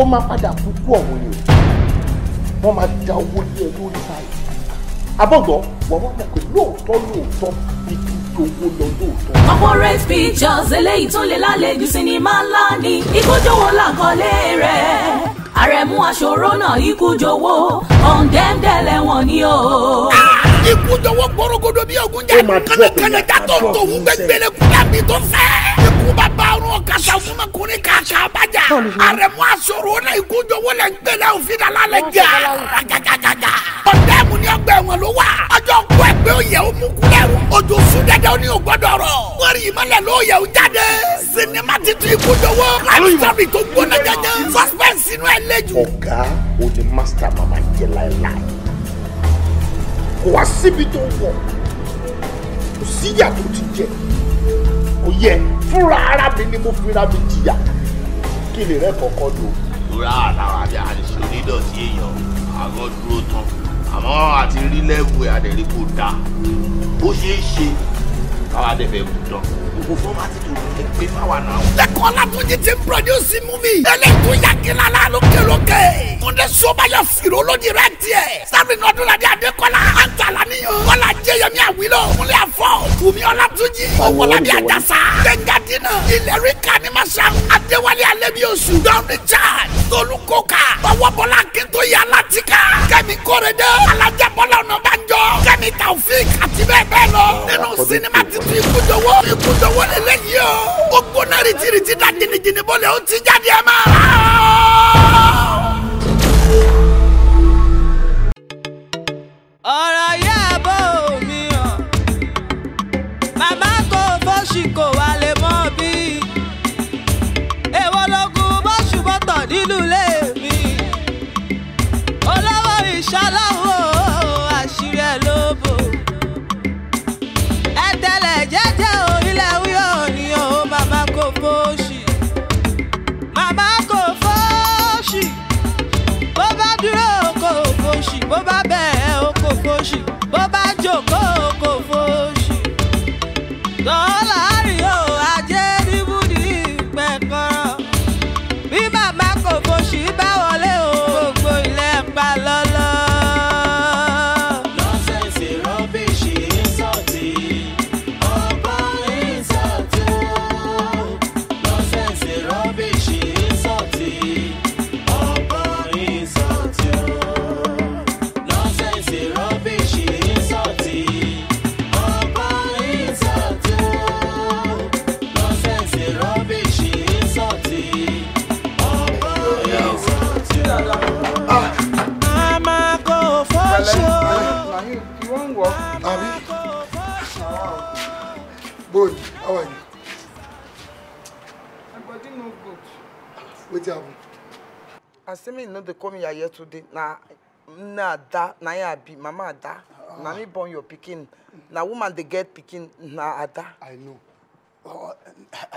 ó máa padà kúkú ọ̀hún ni o wọ́n máa da owó lé ẹ lórí báyìí abọ́gbọ́ wọ́n wọ́n pẹ̀lú lóòótọ́ lóòótọ́ ibi owó lọ lóòótọ́. corporate pictures eléyìí tó lè lálejò sinimá ńlá ni ìkójọwọ́ làkọlé rẹ̀ àrẹ̀mú aṣòro náà ìkújọwọ́ ọ̀ǹdẹ́ǹdẹ́lẹ̀ wọn ni o. ìkújọwọ́ gbọ́rọ̀gọ́dọ̀ bí ogun jẹ́ kánakánajà tó tó ń kúlẹ̀ mi tó fẹ́ baba ọrùn kasa fún kuni kasa baja arẹmu asoro ọ̀nà ìkójọwọ́ lẹ̀ ń gbẹlẹ òfin dala lẹ̀ jẹ́ àgàgàgàgà. ọ̀dẹ́ mu ni ọgbẹ́ wọn ló wà. ọjọ́ kú ẹgbẹ́ òye ó mú kulẹ̀ rù. ojú sùn dẹ́dẹ́ ní o gbọ́dọ̀ rọ. wọ́n rí ìmọ̀lẹ̀ lóye ó jáde. sinimá titun ìkójọwọ́. láìsọ̀rì tó gbóná jẹjẹ. suspense inú ẹ̀ lẹ́jù. ọ̀gá o ni master mama jẹ láéláé. kò wá síbi tó wọ̀ kò síyà tó ti jẹ yẹ fúnra ara mi ni mo fira mi jìyà kí lè rẹ kọ̀ọ̀kan lò. ìrora àtàwọn àti àṣìṣe onídọ̀tí èèyàn àgọ́ dúró tán àmọ́ àti rí lẹ́wù ẹ̀ àdẹ̀rí kò dáa ó ṣeé ṣe káwá dẹ̀ fẹ́ tán gbogbo fọ́mátì tó lè gbé fáwa náà. lẹ́kọ̀ọ́ Ọlátúnjí ti ń pọ́dúsì múmi. eléyìí yakila la lókè lókè. kóde sobayọ fìrò ló di rẹ tiẹ. sábì nọdúnladé adékọlá. an ta la níyọ. kọ́lá jẹyẹmí àwílọ. múlẹ̀ àfọ. Wùmí Ọlátúnjí. ọwọ́ládé àjàsá. gbẹ̀ngàdínà. ìlérí kanimasa. adéwálé alẹ́bí oṣù. dọ́ọ̀nì charge. tolukoka. bọ́wọ́bọ́lá kíntu yàrá tika. kẹ́mi kórede. alájẹbọ́lá ọ̀nà bá ń jọ. kẹ́mi taofik àti bẹ́ẹ̀ bẹ́ẹ̀ lọ. nínú sinimá titun ikú jọ̀wọ́. ikú lọ́wọ́ lè lẹ́yìn o. ó gbóná rìtìrìtì dá jìnnìjìnnì bọ́lẹ̀ ó ti jáde ẹ̀ máa. ọ̀rọ̀ yẹ́ bó come here yesterday na nne na ya be mama ada now me born your picking now woman they get picking na ada. i know oh,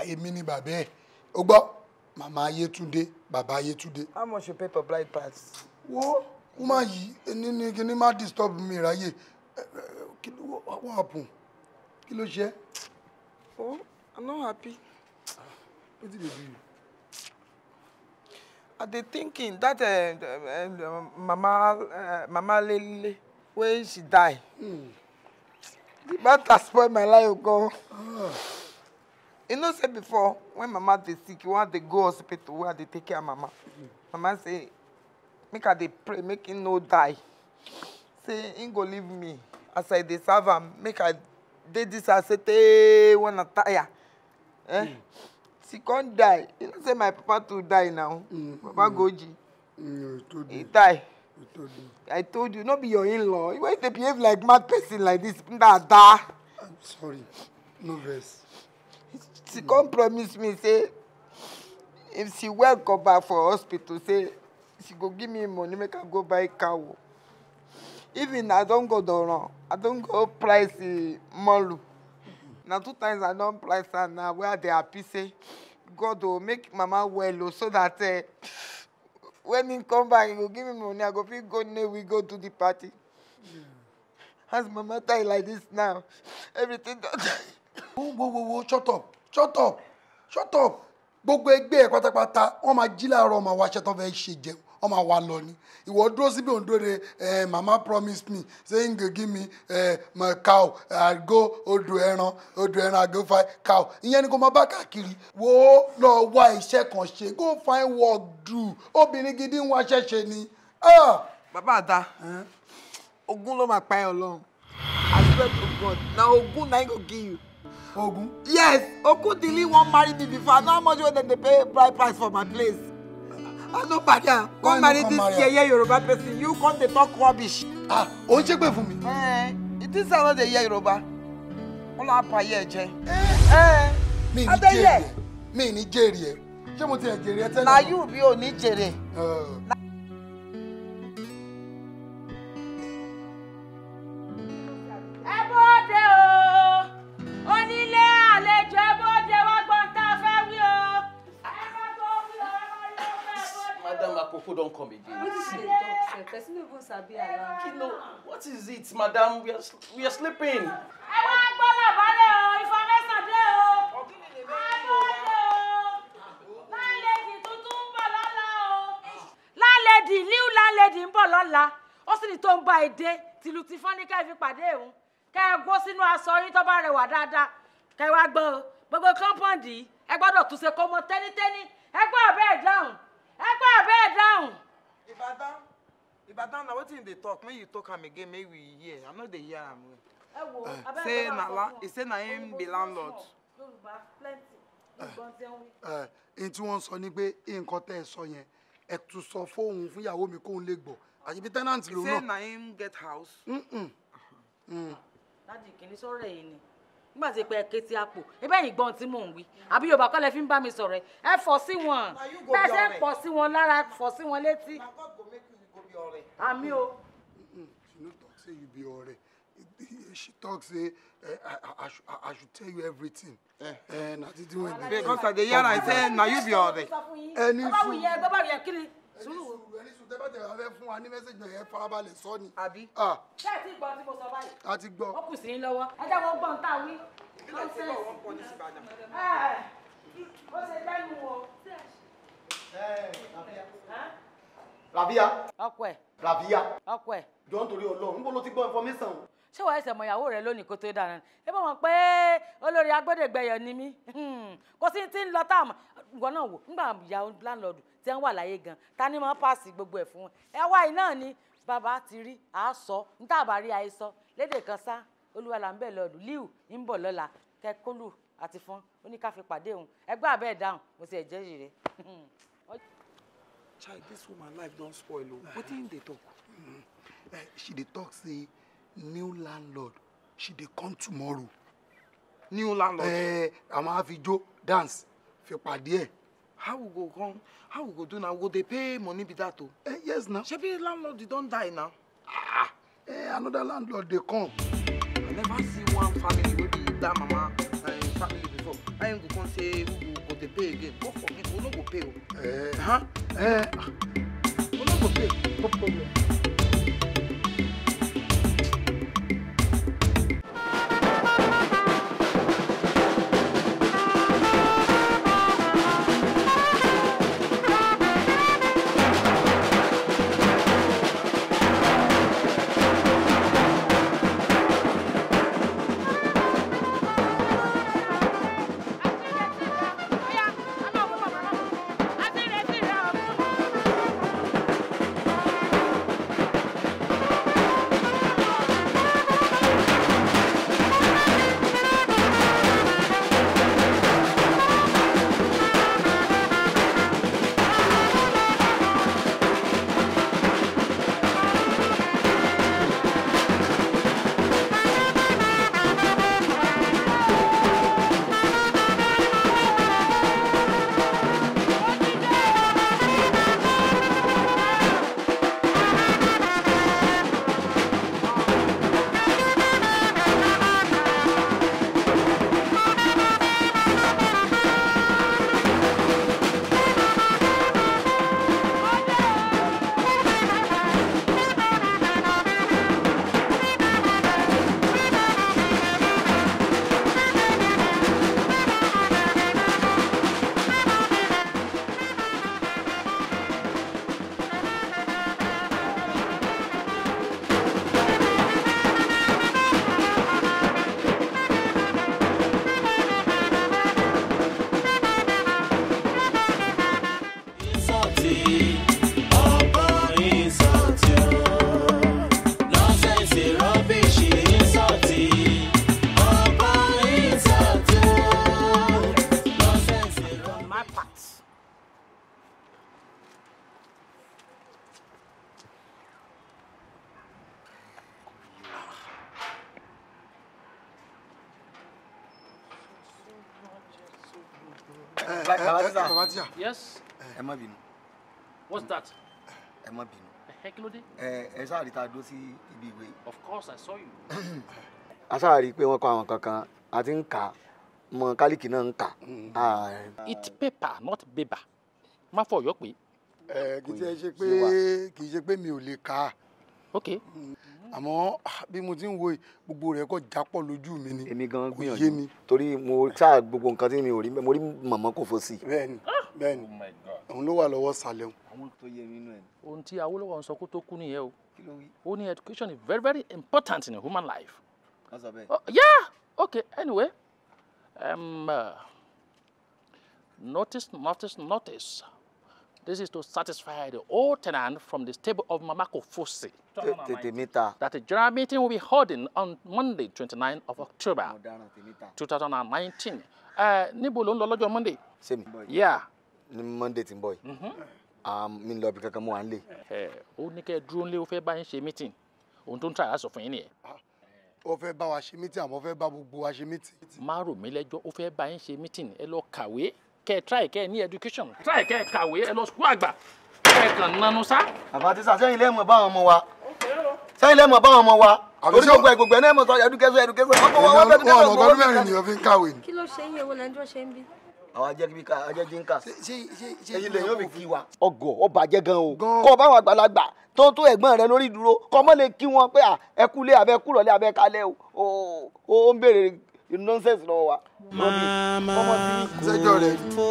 èmi ni bàbá ẹ o gbọ́ màmá ayétúndé bàbá ayétúndé. how much you pay for bride price. wo woman yìí ní ní kíní má disturb me. ráyè kí What happened? happen kí oh i'm not happy. wetin dey do i they thinking that uh, uh, mama uh, mama Lily, when she die mm. the matter spoil my life oh gan ah. you know say before when mama dey sick you want they go hospital where they take care of mama mm. mama say make her they pray make him no die say he go leave me as i dey serve am make her they this asete when i tire eh. Mm. She come die you know say my papa too die now mm, papa mm. goji mm, he die I told you. I told you, not be your in-law. You Why they behave like mad person like this? Nada. I'm sorry. No verse. She mm. come promise me, say, if she well come back for hospital, say, she go give me money, make I go buy cow. Even I don't go down, I don't go price uh, malu. Now two times i don't price am now where they dey happy say god will make mama well oh, so that uh, when he come back he will give me money i go feel good. near we go to the party yeah. as mama die like this now everything don die. whoa! wo wo wo shut up shut up shut up gbogbo ẹgbẹ́ ẹ̀ pátápátá wọ́n máa jí láàárọ̀ ọmọ wa ṣe fẹ́ ṣe jẹun wọ́n máa wà lọ ni ìwọ dúró síbi òǹdóde mama promise me saying go give me my cow àgó odò ẹran odò ẹran go find cow ìyẹn ni kò máa bá káàkiri wo lọ wá iṣẹ́ kan ṣe go find work do obìnrin gidi ń wáṣẹ́ ṣe ni. Ah! bàbá àdá ogun ló máa pa ẹ Ọlọ́run i swear to god na ogun na him go give you. ogun. yes okudili wan marry me before i know how much wey dem dey pay bride price for my place. I ah, no ah, marry am. Come marry this yeye Yoruba person. You come dey talk rubbish. Ah, o ń ṣépè fún mi. Eh, it is not the yeye Yoruba. Wọ́n lọ apá ayé ẹ jẹ. Eh, eh mi ní jèrè ẹ. Mi ní jèrè ẹ. Ṣé mo ti ẹ̀ jèrè ẹ tẹ́lẹ̀? Na you bí o ní jèrè. Eh. sabi alarm. kí ló what is it madam we are, we are sleeping. ẹ wá gbọ́ làbálẹ̀ o information o. ọ̀gbìn lè bẹ́ẹ̀ ni o wá. lálẹ́dì new lálẹ́dì ń bọ̀ lọ́la ó sì ní tó ń bá èdè tìlù tí fọ́nìkà ìfi pàdé òun kẹ́ ẹ gbó sínú aṣọ yín tó bá rẹwà dáadáa kẹ́ ẹ wá gbọ́ o gbogbo kọ́ńpọ̀ǹdì ẹ gbọ́dọ̀ túnṣe kó mọ tẹ́nítẹ́ní ẹ gbọ́ àbẹ́ẹ̀ dáhùn ẹ gbọ́ àbẹ́ẹ̀ dáhùn. Ìbàdàn ibadan what wetin they talk make you talk him again make we hear i no dey hear am well. Ah. say Nala. he say na him be landlord. Ah. n eh, tí wọ́n sọ ni pé nǹkan tẹ́ two sọ yẹn ẹ tún sọ fóun fún ìyàwó mi kóun lè gbọ́ àyèbí say na him get house. Uh-huh. Mm kìíní sọ̀rọ̀ yìí ni nígbà tí pé kétí àpò ebe yìí gbọ́n tí mò ń wí àbí yorùbá kọ́lẹ̀ fi ń bá mi sọ̀rọ̀ ẹ fọ̀ sí wọn bẹ́ẹ̀ ṣe ń pọ̀ sí wọn lára fọ̀ sí wọn létí be alright. Ami o. She no talk say you be alright. She talk say uh, I, I, I, I should tell you everything. Eh, eh, na titi wey dey. Because I dey hear I say eh, na you be alright. Ẹni sùn. Báwo yẹ bábà yẹ kiri? Sùúrù. Ẹni sùn tẹ́bà tẹ̀lé abẹ́ fún wa ní mẹ́sẹ̀gì náà ẹ farabalẹ̀ sọ ni. Àbí. Ah. Ṣé ẹ ti gbọ́ tí mo sọ báyìí? A ti gbọ́. Ó kù sí ní lọ́wọ́. Ẹ jẹ́ wọ́n gbọ́n tá a wí. Ìbílẹ̀ tí bọ̀ wọ́n pọ̀ ní Ìbàdàn. Eh, ó ṣe lẹ́nu o. Rabia. ọkọ ẹ. Rabia. ọkọ ẹ. jọ nítorí Ọlọ́run níbo ló ti gbọ́ information. ṣé wàá ẹsẹ̀ ìyàwó rẹ lónìí kó tó dára ẹ bá wọn pé olórí agbẹ́dẹ̀gbẹ̀yọ ni mí hmm. kò sí ti ń lọ tá a mọ̀ náà wò ńgbà ìyá gan ta ni pàṣẹ gbogbo ẹ̀ fún ẹ wá ni bàbá ti rí àásọ ntàbárí àìsọ kan sá olúwa là ń bẹ̀ lọ́ọ̀dù ń bọ̀ lọ́la àti fún òun child dis woman life don't spoil o wetin im dey talk. Eh, she dey talk say new landlord she dey come tomorrow. new landlord. ẹ eh, a máa dance fi pàdé ẹ. how we go come how we go do now we go dey pay money be that o. Eh, yes na. shebi landlord don die na. ah eh, another landlord dey come. i never see one family wey be that mama uh, family from i go come say who go to pay again work for me we no go pay o. Eh. huh? Eh? we no go pay no problem. má bínú. what's that. ẹ má bínú. ẹ kí ló dé. ẹ ẹ sáà rí ta dúró sí ibi ìwé. of course i saw you. a sáà rí i pé wọ́n kọ àwọn kankan a ti ń kà á mọ kálíkì náà ń kà á. Mm-hmm. Ah. it paper not bébà má fọ ọyọ pé. ẹ kì í ṣe pé kì í ṣe pé mi ò lè kà á. okay. Mm àmọ́ ah, bí mo ti ń wo gbogbo rẹ̀ kọ́ jápọ̀ lójú mi ni èmi gan mi torí mo ṣáà gbogbo nǹkan tí mi ò rí mo rí màmá kò fo sí. bẹ́ẹ̀ni ah! bẹ́ẹ̀ni oh òun ló wà lọ́wọ́ sàlẹ̀ ohun tí Awólọ́wọ̀ sọ kó tó kú nìyẹn o ó ní education is very very important in human life. Oh, yeah okay anyway um, uh, notice notice notice. This is to satisfy the old tenant from the stable of Mamako Fusi. The Fosse. That the general meeting will be holding on Monday, 29th of October, 2019. Uh, níbo ló ń lọ Monday? Same. Yeah. Monday timboy. ń bọ̀ yìí. Mm-hmm. Mi ń lọ ibi kankan mú wa nílé. Ó ní kẹ́ ẹ dúró meeting. Ohun tó ń tà láti sọ fún yín ah, wa ṣe meeting àmọ́ ó fẹ́ bá gbogbo wa ṣe meeting. Má rò mí lẹ́jọ́, ó fẹ́ bá yín meeting, ẹ lọ kàwé kẹ try kẹ ní education try kẹ kàwé ẹ lọ sukú àgbà kẹ kàn nanu sá. àbá tíṣà sẹ́yìn lẹ́mọ̀ báwọn ọmọ wa sẹ́yìn lẹ́mọ̀ báwọn ọmọ wa torí gbogbo ẹ gbogbo ẹ náà mọ̀ sọ education education ọmọ wa wọ́n fẹ́ẹ́ bí wọ́n ọgọ́dún mẹ́rin nìyẹn fi ń kàwé ni. kí ló ṣe yín ewu lẹ́jọ́ ṣe ń bí. àwọn ajẹ́ kí ká ajẹ́ jí ń kà. ẹyin lèyìn ó fi kí wa. ọgọ ó bàjẹ́ gan o kọ́ báwọn àgbàlagbà tó tó ẹ̀gbọ́n rẹ lórí dúró kọ́ mọ́ lè kí wọn pé ẹkú lé abẹ́kú rọ̀lẹ́ abẹ́kalẹ́ o ó ń béèrè nonsense lọ́wọ́ wa. mama kò fo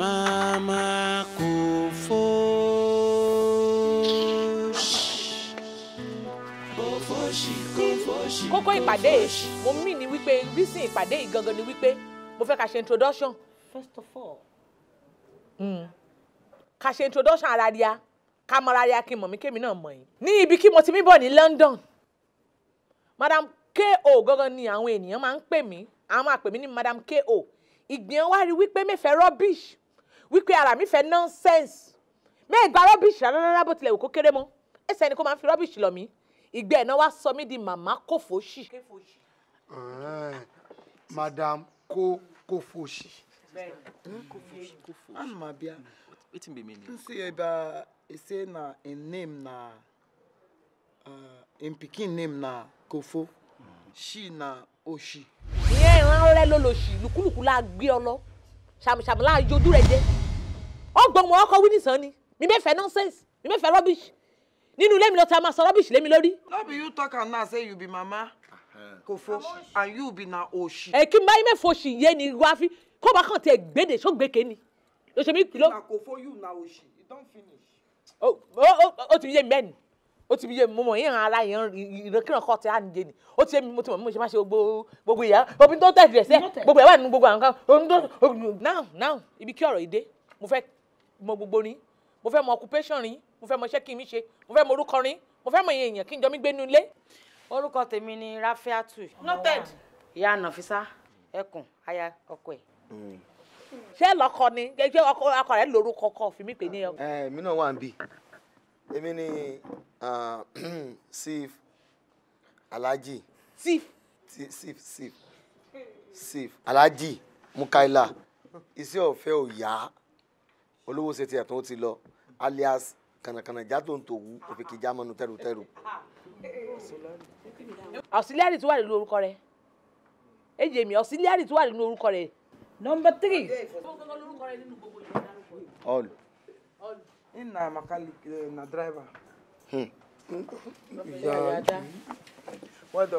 mama kò fo. kókó ìpàdé yìí mo mí ni wípé rísìn ìpàdé yìí gangan ni wípé mo fẹ́ ká ṣe introduction. first of all. Mm. ká ṣe introduction ara ria ká mọ ara ya kí n mọ̀ mí kémi náà mọ̀ yín. ní ibi kí mo ti mí bọ̀ ní London madam ko gangan ni àwọn ènìyàn máa ń pè mí àwọn máa pè mí ní madam ko ìgbìyàn wá rí wípé mẹ́fẹ̀ẹ́ rubbish wípé ara mi fẹ́ nonsense mẹ́ẹ̀gbà rubbish rárá rárá bó tilẹ̀ wù kó kéré mọ́ ẹsẹ̀ ni kò máa ń fi rubbish lọ mí ìgbẹ́ ẹ̀nà wá sọ mí di màmá kòfòṣì. madam kò kòfòṣì. bẹ́ẹ̀ni hmm? kòfòṣì. àmàbíà. wetin be meaning. n ṣe ẹ bá e say na im name na uh, im pikin name na kofo she na oshi. ìyẹn ìran rẹ ló lò sí lùkúlùkù la gbé ọ lọ ṣàmùṣàmù la yọjú rẹ jẹ ọgbọ̀n mọ̀ ọkọ̀ wí nìsan ni mi mẹ́fẹ̀ẹ́ nonsense mi mẹ́fẹ̀ẹ́ rubbish nínú ilé mi lọ ti a máa sọ rubbish lé lórí. no be you talk am now say you be mama kofo and you be na oshi. ẹ kí n bá yín mẹ́fọ oṣì yé ni wá fi kó bá kàn tiẹ̀ gbéde sógbèké ni lọ́sẹ̀ mi kìlọ̀. na kofo you na oshi you don finish ó ti yé mi bẹ́ẹ̀ ni ó ti yé mi mo mọ̀ yín ara yẹn ìrẹ́kìrán kọ́ ti á nìyé ni ó ti yé mi mo ti mọ̀ mo ṣe má ṣe gbogbo ìyá obìnrin tó tẹ̀sí ẹsẹ̀ gbogbo ẹ̀ wà nínú gbogbo àwọn kan now now ibi kí ọ̀rọ̀ ìdé mo fẹ́ mọ gbogbo rin mo fẹ́ mọ occupation rin mo fẹ́ mọ iṣẹ́ kí mi ṣe mo fẹ́ mọ orúkọ rin mo fẹ́ mọ iye èèyàn kí n jọ mi gbé nu ilé. orúkọ tèmi ni Rafiatu. noted. ìyá ànàfisà ẹkùn aya ọkọ ẹ ṣé lọ́kọ ni ṣé ọkọ rẹ̀ lórúkọ kọ fi mí pè ní ẹ. ẹ mi náà wà ń bì èmi ni sif Alaji sif sif sif sif Alaji mukaila iṣẹ́ ọ̀fẹ́ ò yá olówó ṣe tiẹ̀ tó ti lọ alias kànàkànà ìjà tó ń tòwú òfin kìjà mọ́nu tẹ́rùtẹ́rù. auxiliary tó wà nínú orúkọ rẹ̀ èjì èmi auxiliary tó wà nínú orúkọ rẹ̀ number three. all. in na uh, mechanic uh, na driver. Hmm.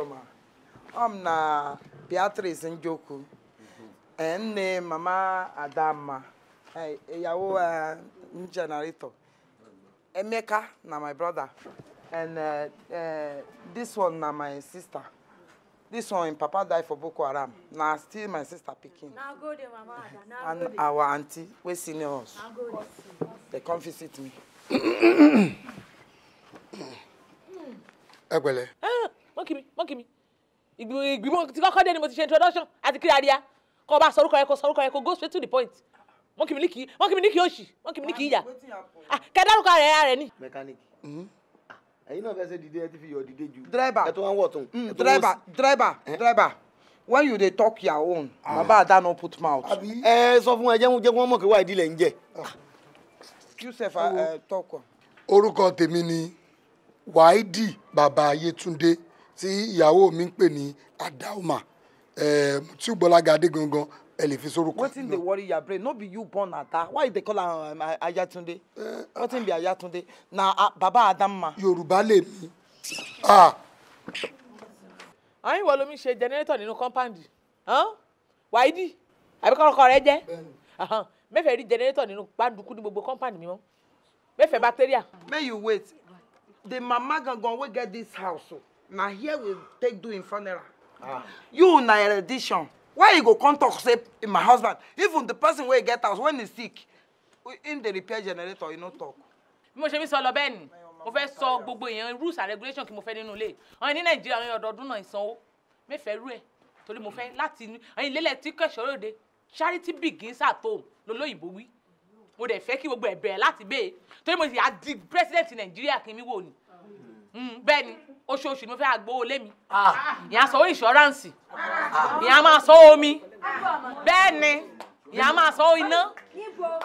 ma? I'm na beatrice njoku And na mama Adama. adamma ìyàwó uh, generator emeka na my brother and uh, uh, this one na my sister. This one, Papa died for Boko Haram. Now still my sister picking. Now go there, Mama. Now and go there. our auntie, we seniors. Now go there. They come visit me. Egbele. Ah, monkey me, monkey me. Ìgbìmọ̀ tí kọ́kọ́ dé ni mo ti ṣe introduction àti kí adìyà. Kọ́ back sọ̀rọ̀ kan ẹ̀kọ́ sọ̀rọ̀ go straight to the point. Monkey mi ní kì í, monkey mi ní kì í òṣì, monkey mi ní kì í ẹ̀yin náà fẹsẹ̀ dìde ẹ ti fi yọ dìde ju. driver ẹ tó wọn wọ driver driver eh? driver when you dey talk your own ah. baba ada no put mouth. ẹ sọ fún ẹ jẹ́ jẹ́ wọ́n mọ̀ kí wàá ìdílé ń jẹ. yusuf tọkọ. orúkọ tèmi ni wáídì bàbá ayétúndé tí ìyàwó mi ń pè ní adaoma mo eh, tí ò gbọ́lága adé gangan ẹ lè fi sorúkọ. wetin dey worry your brain no be you born ata why you dey call am um, ayatunde eh, wetin be ah. ayatunde na ah, baba adamma. yorùbá lè mi. àyìn ah. wo lomi ṣe jẹnẹrétọ̀ nínú kọ́ńpáàndì wáìdì àbíkọ́ ọkọ rẹ jẹ́ mẹ́fẹ̀ẹ́ rí jẹnẹrétọ̀ nínú pàǹdùkú ní gbogbo kọ́ńpáàndì mi mọ́ mẹ́fẹ̀ẹ́ bacteria. may you wait the mama gangan wey get dis house na here we take do im funeral you na erudition why you go come talk say my husband even the person wey get house when he sick him dey repair generator you no talk. bí mo ṣe mi sọ lọ bẹ́ẹ̀ ni mo fẹ́ sọ gbogbo èèyàn rules and regulation kí mo fẹ́ nínú ilé àwọn ní nàìjíríà àwọn ọdọọdún náà ìsanwó mẹ́fẹ̀ẹ́ rú ẹ̀ torí mo fẹ́ láti inú àwọn ilé tí kẹ̀sọ́ lóde charity begins at home lolóyìnbó wí mo dẹ̀ fẹ́ kí gbogbo ẹ̀ bẹ̀rẹ̀ láti bẹ́ẹ̀ torí mo sì á di president nàìjíríà kí mi wò ni Mm, bẹ́ẹ̀ ni oṣooṣù ni mo fẹ́ àgbowó lé mi ah. ìyá sanwó ìṣọ́ránsì ah. ìyá máa sanwó omi bẹ́ẹ̀ ni ìyá máa sanwó iná.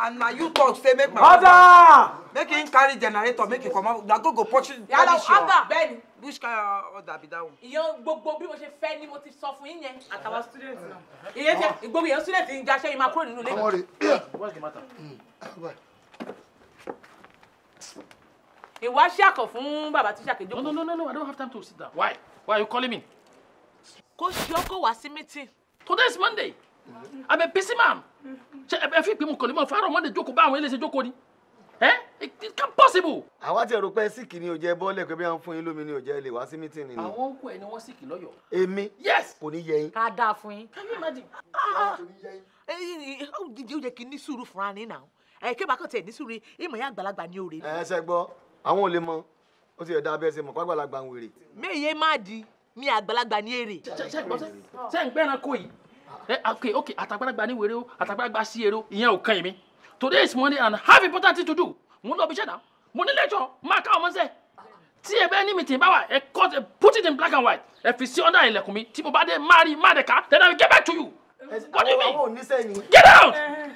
and na you talk say make my mother make him carry generator make him comot na go go purchase polish your yàrá bẹ́ẹ̀ which kind of order be that one. ìyẹn gbogbo bí mo ṣe fẹ́ ni mo ti sọ fún yín yẹn àtàwọn student náà ìyẹn ṣe ah. gbogbo ìyẹn student ń jaṣẹ́ yìí máa kúrò nínú ilé. what's the matter. Mm. ìwà ṣàkàn fún bàbá tíṣà kejì. no no no no i don't have time to sit down why why are you calling me. kò sí ọkọ wá sí meeting. today is monday i'm a busy man ṣe ẹ fi ìpinnu kọ̀lẹ́mọ̀ fáwọn monday jókòó bá àwọn eléyìí ṣe jókòó ni ẹ it can't possible. àwa ti rò pé síkì ni òjẹ bọ́ọ̀lù ẹ̀kọ́ bí wọ́n fún yín lómi ni òjẹ lè wá sí mítìn ni. àwọn òkú ẹ ni wọ́n síkì lọ́yọ̀ọ́. èmi yes kò ní yẹ yín. ká dáa fún yín. can you imagine. ó yẹ kí n ní sùúrù fúnra ní nà ẹ kébà kan tẹ ní sùúrù ìmọ̀ yẹn àgbàlagbà ní òre. ẹ ṣe gbọ́ àwọn ò lè mọ ó ti ẹ̀dá abẹ́sẹ̀ mọ̀ pàgbàlagbà ń wèrè. méye má di mi àgbàlagbà ní èrè. ṣé ń gbẹ́ran kò yìí ok ok àtàgbàlagbà ní wèrè o àtàgbàlagbà sí èrè o ìyẹn ò kàn yín mi today is Monday and have important thing to do mo ń lọ ibiṣẹ́ náà mo ní lẹ́jọ́ máa ká ọmọ sẹ́ tí ẹ bẹ́ ní mi tì bá wà ẹ cut put it in black and white ẹ fi sí under ilẹ̀kùn mi tí mo bá dé má rí má dẹ̀ ká then I will get back to you. What do you mean? Eh, eh. Get out! Get out!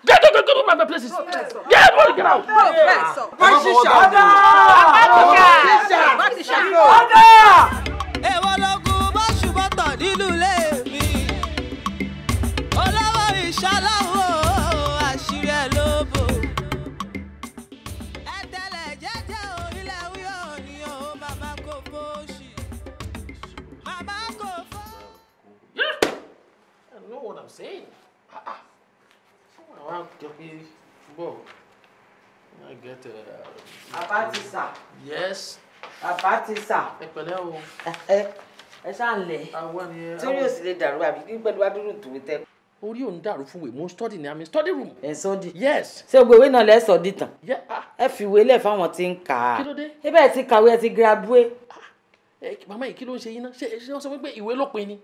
Get out of my places! Get out! Get out! Professor! Professor! Professor! Professor! Professor! Professor! wa jọ pé bọ̀ i get a. Uh, bàbá ti sà. yes. bàbá ti sà. ẹ pẹ̀lẹ́ o. ẹ ṣáà ń lẹ̀. àwọn ni ẹ. torí òsì lè dàrú àbí kí pẹ̀lú adúrú tòun tẹ́. orí òun dàrú fún wèé mo ń study ní àmì study room. ẹ sọdí. yes. ṣé gbogbo ìwé náà lẹ sọ di tàn. Ah. ẹ fi ìwé lẹ̀ fáwọn tí ń kà á. kí ló dé. ẹ bẹ́ẹ̀ ti kàwé ẹ ti graduate. Ah. màmá yìí kí ló ń ṣe yín náà ṣé wọ́n sọ pé ìwé lópin ni.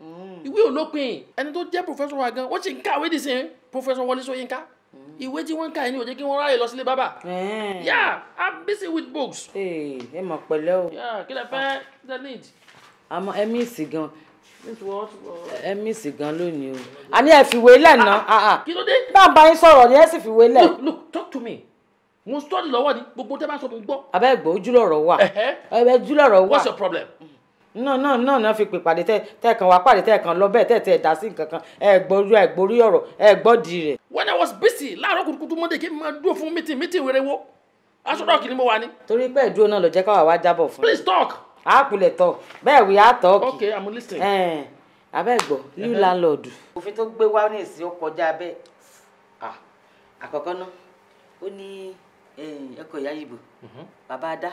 Mm. ìwé olópin ẹni tó jẹ́ professor wa gan wọ́n sì ń kàwé nísìnyí professor Wọlé Ṣóyínká mm. ìwé tí wọ́n ń ka yìí ni ó jẹ́ kí wọ́n ráyè lọ sílé bábà. Eh. yà i'm busy with books. Eh, ẹ mọ̀ pẹ̀lẹ́ o. kí lẹ fẹ́ the need. àmọ́ ẹ mísì gan ẹ mísì gan lónìí o. àní ẹ fìwé lẹ̀ ná. Ah, ah, ah. kí ló dé. bá a bá yín sọ̀rọ̀ ni ẹ sì fìwé lẹ̀. look look talk to me mo study lọ́wọ́ ni gbogbo tẹ́ bá sọ mo gbọ́. abẹ́ gbọ́ ojúlọ̀rọ̀ wà. ẹ bẹ ojúlọ̀rọ̀ wà. what's your problem. Mm náà náà náà náà fi pè tẹ tẹ kan wá pàdé tẹ kan lọ bẹ́ẹ̀ tẹ tẹ dá sí nǹkan kan ẹ gbórí ẹ gbórí ọ̀rọ̀ ẹ gbọ́dì rẹ̀. when i was busy láàárọ̀ kùtùkùtù monday kí n máa dúró fún meeting meeting wẹrẹ wo aṣọ dọ́ọ̀kì ni mo wà ní. torí pé ìdúró náà ló jẹ́ káwa wá jábọ̀ fún. please talk. a kulẹ̀ tọ bẹ́ẹ̀ wí á tọ́ kì. okay i'm listening. ẹ̀ẹ́n abẹ́gbọ̀ new landlord. òfin tó gbé wá ní èsì ó kọjá bẹ́ẹ̀ àkọ́kọ́ náà ó ní ẹ̀kọ́ ìyá yìí bò mm-hmm. bàbá adá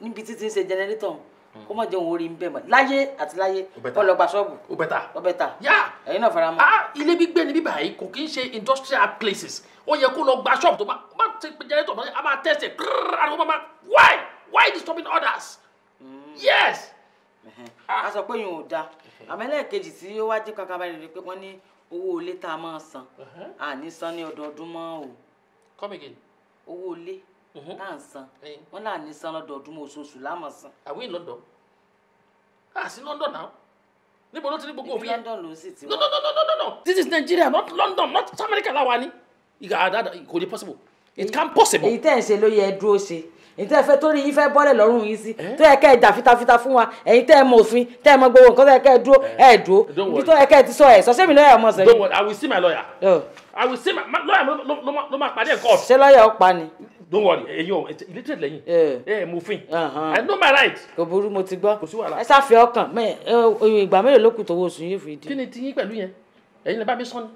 níbi títí ń ṣe jẹnẹrétọ̀ ọ̀hún Mm. kó mọ̀ jẹun orí ń bẹ̀ mọ́ láyé àti láyé kọ́ lọ gba ṣọ́ọ̀bù. ó bẹ̀ta ó bẹ̀ta. yá ẹ̀yin náà fara mọ́. ah ilé gbígbé ni bíbá yìí kò kí ń ṣe industrial places ó yẹ kó lọ gba ṣọ́ọ̀bù tó bá bá ti jẹ́rẹ́ tó bá a máa tẹ̀sẹ̀ kírrrr àti wọ́n máa why why disturbing others. Mm. yes. Ah. a sọ pé yòó da àmọ́ ẹlẹ́ẹ̀kejì tí ó wá jẹ́ kankan báyìí pé wọ́n ní owó ilé tá a máa san à ní san ní ọdọọdún mọ́ come again. owó tá mhm. à ń wọn là ní san lọ́dọọdún oṣooṣù láàmú san. àwìn lọ́dọ̀ à sí London náà níbo ló ti ní gbogbo òfin yẹn. London ló sì ti wá. no no no no no no this is Nigeria not London not South America láwa ni kò ní possible it can possible. èyí tẹ́ ẹ̀ ṣe ló yẹ ẹ dúró ṣe èyí tẹ́ ẹ fẹ́ torí yín fẹ́ bọ́lẹ̀ lọ́rùn yín sí eh? tó yẹ kẹ́ ẹ jà fitafita fún wa èyí tẹ́ ẹ mọ òfin tẹ́ ẹ mọ gbogbo nǹkan tó yẹ kẹ́ ẹ dúró eh, ẹ dúró ibi tó yẹ kẹ́ ẹ ti sọ ẹ sọ sẹ́mi lọ́ọ̀yà ọmọ sẹ́yìn. don't worry I will see my lawyer. Oh. I will see my lawyer ló máa pàdé ẹ̀kọ́. ṣé lọ́ọ̀yà ó pa ni don't worry ẹ̀yin o illiterate lẹ́yìn ẹ mo fin i know my right. kò burú mo ti gbọ́ kò sí wàhálà. ẹ ṣàfihàn ọkàn mẹ oyún ìgbà mélòó ló kù tówó oṣù yìí fi di. kí ni ti yín pẹ̀lú yẹn ẹ̀yin lè bá mi sọ́ni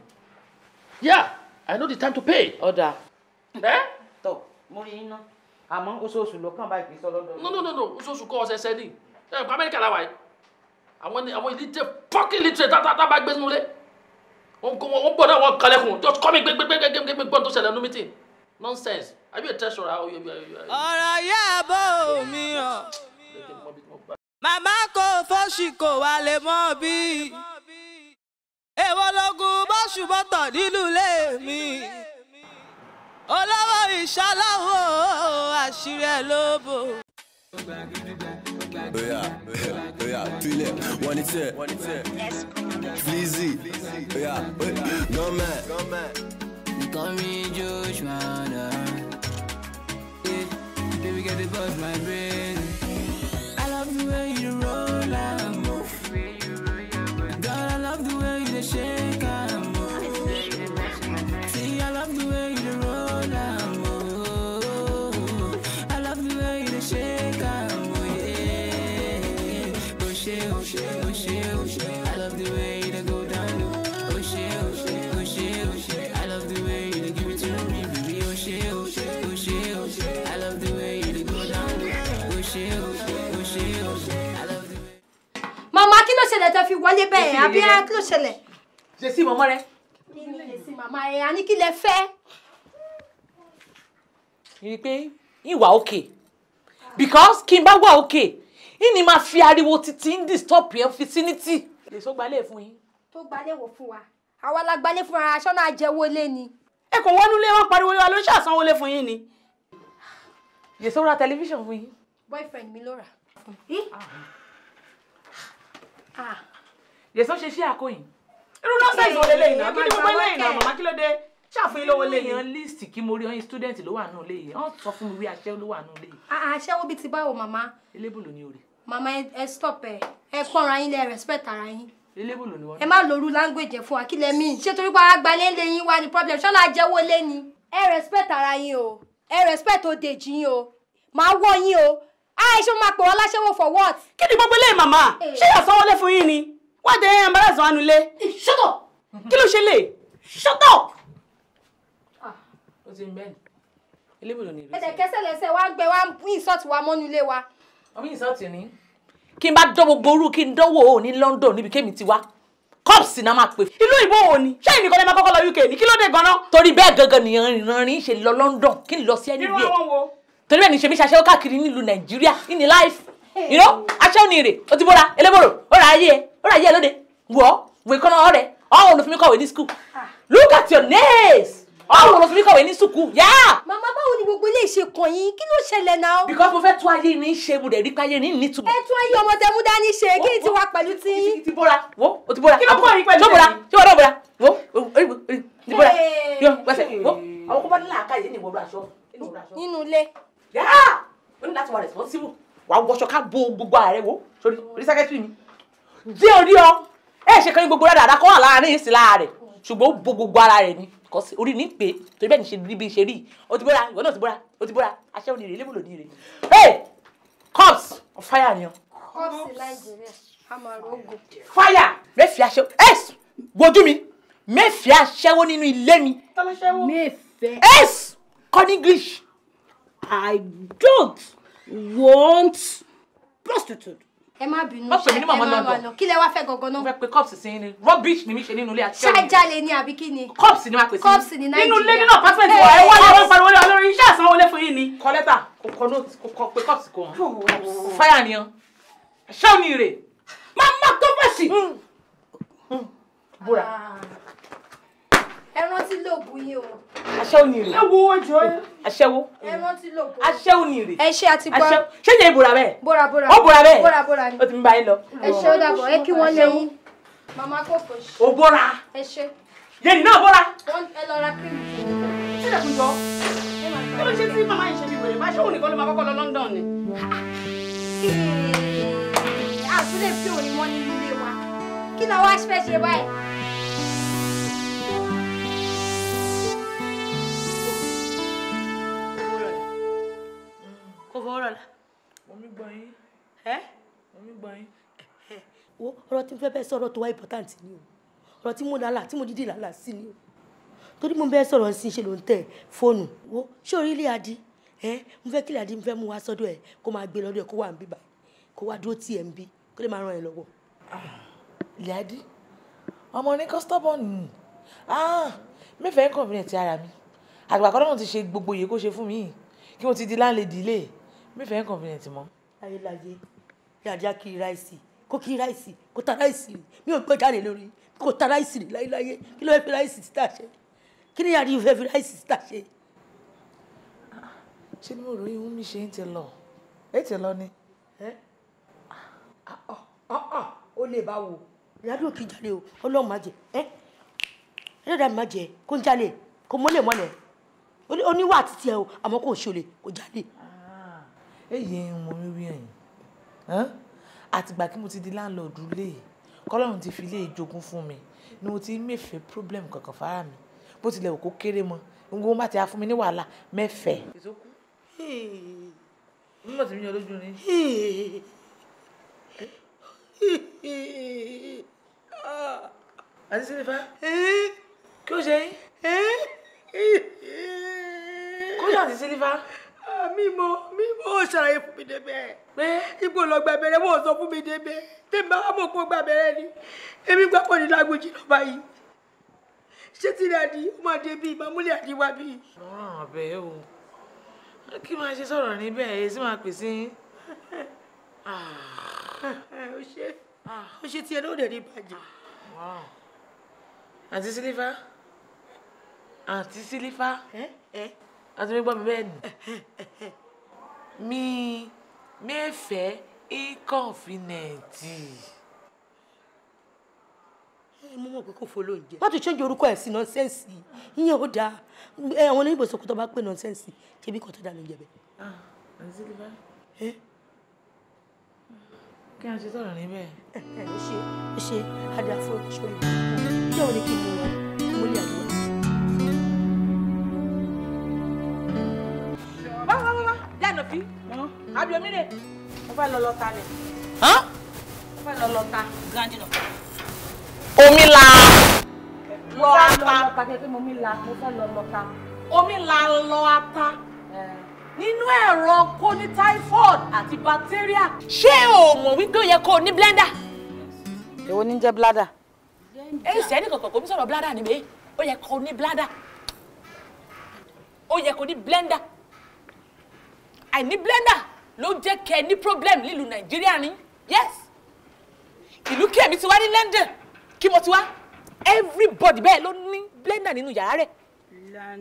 yeah i know the time to pay. ọ̀dà tọ̀ mo rí iná àmọ́ oṣooṣù ló kàn báyìí kì í sọ lọ́dọ̀. no no no no oṣooṣù kọ́ ọ̀sẹ̀ẹ̀sẹ̀ ni ẹ̀ amẹ́ríkà làwà yìí àwọn ni àwọn ilé tẹ fọ́kì lè tẹ tá bá gbé sínú lé wọn gbọ́dọ̀ wọn kalẹ̀kùn just come gbẹgbẹgbẹgbẹgbẹ gbọ́n tó ṣẹlẹ̀ nú mítìn nonsense àbí ètò ẹ̀sọ̀rọ̀ àwọn yẹbi ayé. ọ̀rọ̀ yẹ bó mi ọ̀ màmá kò fọ́ọ̀ṣì kò wá lè mọ́ bí èwo logun bó ṣùbọ́tọ̀ nínú ilé mi olówó ìṣọ́láwó àṣírí ẹ̀ lóbo. Oya, oya, pile, one it one it here. Flizzy, oya, oya, gunman. Call me Joshua. get above my brain. I love the way you roll and move. Girl, I love the way you shake and move. See, I love the way Mama, kí ló ṣẹlẹ̀ tẹ́ fi wọlé bẹ́ẹ̀ àbí kí ló ṣẹlẹ̀. jèsì mọ̀mọ́ rẹ. jèsì màmá ẹ̀ a ní kí lẹ fẹ́. rí i pé ìwà òkè because kí n bá wà òkè ìní máa fi ariwo títí ń disturb yẹn vicinity. èso gbalẹ̀ fún yín. tó gbalẹ̀ wò fún wa àwa la gbalẹ̀ fún ara aṣọ́nà àjẹwọlé ni. ẹ kò wọnú lé wọn pariwo lé wa ló ń ṣàsanwó lé fún yín ni. yèsò ra tẹlifíṣàn fún yín boyfriend mi ló rà. Eh? Ah. Ah. Ah. yẹ̀sọ́ ṣe ṣí àkóyìn irú nọ́ọ̀sẹ̀sì wọlé lẹ́yìn náà kí ni mo gbé lẹ́yìn náà màmá kí ló dé ṣàfihàn ilé wọlé yẹn list kí mo rí ọyìn student ló wà nù lé yìí wọ́n sọ fún mi wí aṣẹ́wó ló wà nù lé yìí. aṣẹ́wó bíi ti báwo màmá. elébùlù ni o rè. màmá ẹ stop ẹ ẹ pọ́nra yín lẹ respect ara yín elébùlù ni wọn. ẹ má lòrú láńgbèjì fún wa kí lẹ mí ṣé torí pé agbalẹ̀ ń yín wá ní problem ṣọ́lá jẹ́wọ́ lé ni. ẹ respect ara yín o ẹ respect òdèjì yín o màá wọ yín àìṣe máa pè wọ́n láṣẹ́wó for what. kí ni gbogbo eléyìí màmá eh. ṣé yà sanwó lé fún yín ni wọ́n dé embarrass wa eh, shut up kí ló ṣe lè shut up. Ah. ó ti ń bẹ́ẹ̀ elébùdó ni. ẹ̀jẹ̀ kẹsẹ̀ lẹ́sẹ̀ wá ń gbẹ wá ń insult wa mọ́nú ilé wa. ọmọ insult ni. kí n bá dán gbogbo orú kí n dánwò ó ní London níbi kémi ti wá cops náà máa pè ìlú ìbò wo ni ṣé ìnìkan lè máa kọ́kọ́ lọ UK ní kí ló dé gan-an. torí bẹ́ẹ̀ gangan nìyẹn ìrànrin ṣe lọ London kí n lọ sí ẹni bí ẹ. irú àwọn wo torí bẹ́ẹ̀ ni ṣe mi ṣaṣẹ́wó káàkiri nílùú nàìjíríà in the life you know aṣẹ́wó ni èrè o ti bóra elébòrò ó ra ayé ẹ ó ra ayé ẹ lóde wọ́ wèé kọ́nà ọ̀rẹ́ ọ̀hún olùfimi kọ̀wé ní school look at your nails ọ̀hún olùfimi kọ̀wé ní sùkú yá. màmá báwo ni gbogbo ilé ìṣe kàn yín kí ló ṣẹlẹ̀ náà. because mo fẹ́ tún ayé ní ṣe mo dẹ̀ rí pé ayé ní ní tu ẹ tún ayé ọmọ tẹ mú dání ṣe kí ni ti wá pẹ̀lú ti. ti bóra wo o ti bóra. kí ló kọ́ yín pẹ̀lú ẹ̀. sọ́bùra ṣé wọ́n náà bóra wo ti bóra yọ wẹ́sẹ̀ ó ní láti wà responsible wàá wọṣọ ká bo gbogbo ààrẹ wo sórí orí sẹkẹtìrì mi dé orí ọ ẹ ṣe kan ní gbogbo rádàrá kọ́ wà láàrin ìsìn lára rẹ̀ ṣùgbọ́n ó bo gbogbo ara rẹ̀ ni kọ́sí orí ní pé torí bẹ́ẹ̀ ni ṣe rí bí ṣe rí o ti bóra ìwọ náà ti bóra o ti bóra aṣẹ́ òní rèé lébùlò ní rèé hey cops on fire ni o. cops Nigeria amarogo. fire mẹ́fì aṣẹ́wó ẹ̀s wojú mi mẹ́fì aṣẹ́wó nínú ilé mi. mẹ́fẹ̀. ẹ̀s kọ́ ní english. I don't want prostitute. ẹ má bínú ṣe ẹ má wà lọ kí lẹ wá fẹ́ gangan náà. mo fẹ́ pe cups sí ní rubbish ni mi ṣe nínú ilé àti ṣẹ́yìn. ṣájàlè ni àbí kí ni. cups ni wàá pèsè. cups ni nàìjíríà nínú ilé nínú apartment wa ẹ wá lọ́wọ́ pariwo lé wa lórí iṣẹ́ àsanwó lé fún yín ni. kọ lẹ́tà kò kọ note kò kọ pé cups kò hàn. fáyà ni hàn ṣé mi rè máa má tó fèsì. Hmm. búra. Ah. ẹ rántí lóògùn yín o aṣẹ́wó ni rè. ewu owó jọ ẹ. aṣẹ́wó. ẹ wọ́n ti lò bó. aṣẹ́wó ni rè. ẹ ṣe àti bọ́. ṣé yẹn ìbora bẹ́ẹ̀. bora bora. ó bora bẹ́ẹ̀. bora bora ni. o ti ń bá yín lọ. ẹ ṣe ó dàbọ̀ ẹ kí wọ́n lẹ́yìn. màmá kò kò ṣe. o bora. ẹ ṣe. yẹn náà bora. wọ́n ẹ lọ ra cream. ṣé lè kú jọ. kí ló ṣe tí màmá yìí ṣe bí wèrè bá ṣéwù nìkan ló máa kọ́kọ́ lọ London ni. àtúndé fi òní wọn ní ilé wa kí ni wàá fẹ́ ṣe fọwọ́ rọ̀ la. mo mi gbọ́ yín. ẹ. mo mi yín. wo ọ̀rọ̀ tí mo fẹ́ bẹ́ẹ̀ sọ̀rọ̀ tó wá important ni o ọ̀rọ̀ tí mo lálà tí mo dídì lálà sí ni o torí mo bẹ́ẹ̀ sọ̀rọ̀ sí ṣe ló ń tẹ̀ fóònù wo ṣé orí ilé adi ẹ mo fẹ́ kílẹ̀ adi mo fẹ́ mú wa sọ́dọ̀ ẹ kó máa gbé lọ́dọ̀ ẹ kó wà ń bíbá kó wá dúró tì ẹ̀ ń bí kó lè máa ràn ẹ lọ́wọ́. Ah, ilé adi ọmọ ní kọ́sítọ́bọ̀ nù mẹ́fẹ̀ẹ́ ń kàn mí ẹ̀ ti ara mi àgbàkọ́ náà ti ṣe gbogbo iye kó ṣe fún mi kí mo ti di láńlẹ́dì ilé mi fẹ́ inconvenient mọ́. ayélujáde yàrá kiri ráìsì kó kiri ráìsì kó ta ráìsì rè mi ò gbé jáde lórí kó ta ráìsì rè láyéláyé kí ló fẹ́ fi ráìsì títà ṣe kí ni yàrá yìí fẹ́ fi ráìsì títà ṣe. ṣé ni mo rò yín mi ṣe ń tẹ lọ ẹ tẹ lọ ni. ó lè bá wò ìyáàdì òkè jalè o ọlọ́run má jẹ ẹ ẹlẹ́dàá má jẹ kó ń jalè kó mọ́lẹ̀ mọ́lẹ̀ oníwà àti tiẹ̀ o àmọ́ kò ṣòlè kò jalè èyí ń mo rí rí ẹ̀yìn àtìgbà kí mo ti di láńlọ́ọ̀dù lé yìí kọ́lọ́run ti fi ilé ìjogún fún mi ni mo ti mẹ́fẹ̀ẹ́ problem kankan fara mi bó tilẹ̀ òkú kéré mọ́ ngo má ti afún mi ní wàhálà mẹ́fẹ̀ẹ́. ìsókù mímọ̀ tí mi yàn lójú ni. àti sílífà kí ó ṣe yín kó ṣe àti sílífà. mi mọ ó ṣàlàyé fún mi débẹ̀ pé ipò lọ gba abẹ́rẹ́ wọ́n sọ fún mi débẹ̀ tèmi bá wà mọ̀ kó gba abẹ́rẹ́ ni èmi gbà pọ̀ ní lágbèjì lọ báyìí ṣé tí ilé àdí ó máa dé bíi mamúlẹ̀ àdí wá bíi. ọ̀ràn ọ̀bẹ o kí máa ṣe sọ̀rọ̀ níbẹ̀ èyí sì máa pè sí. ó ṣe ah. ó ṣe tí ẹ lóde ní ìbàjẹ́. àǹtí sílífà àǹtí sílífà àti mi gbọ́ mi bẹ́ẹ̀ ni mi mẹ́fẹ̀ẹ́ inconfinite. mo mọ̀ pé kò fọ́ lóúnjẹ. wọ́n ti ṣẹ́jú orúkọ ẹ̀ sí nọ́nsẹ́ǹsì ìyẹn ó dáa àwọn oníbò sọ pé tó bá pè nọ́nsẹ́ǹsì ṣebí kan tó dà lóúnjẹ bẹ́ẹ̀. ah aziliba kí a ṣe sọ̀rọ̀ níbẹ̀. ó ṣe ó ṣe adàfo ṣòro ìjọba ni kí n mú wọn mo ní àdúrà. bí abiomi rè mo fẹ́ lọ lọ́ta ni. mo fẹ́ lọ lọ́ta gánjì lọ. omi la. lọ ata mo fẹ́ lọ lọ́ta. omi la lọ ata nínú ẹ̀rọ kó ní typhoid àti bacteria. ṣé o mọ̀ wípé ó yẹ kó o ní blender. èwo ní jẹ́ bládà. èyí sẹ́ni kankan kò bí sọ̀rọ̀ bládà níbẹ̀ ó yẹ kó o ní bládà ó yẹ kó o ní blender àìní blender ló jẹ́ kẹ́ ní problem nílùú nàìjíríà ni yes ìlú kẹ́mi ti wá ní London kí mo ti wá everybody bẹ́ẹ̀ ló ní blender nínú yàrá rẹ̀ London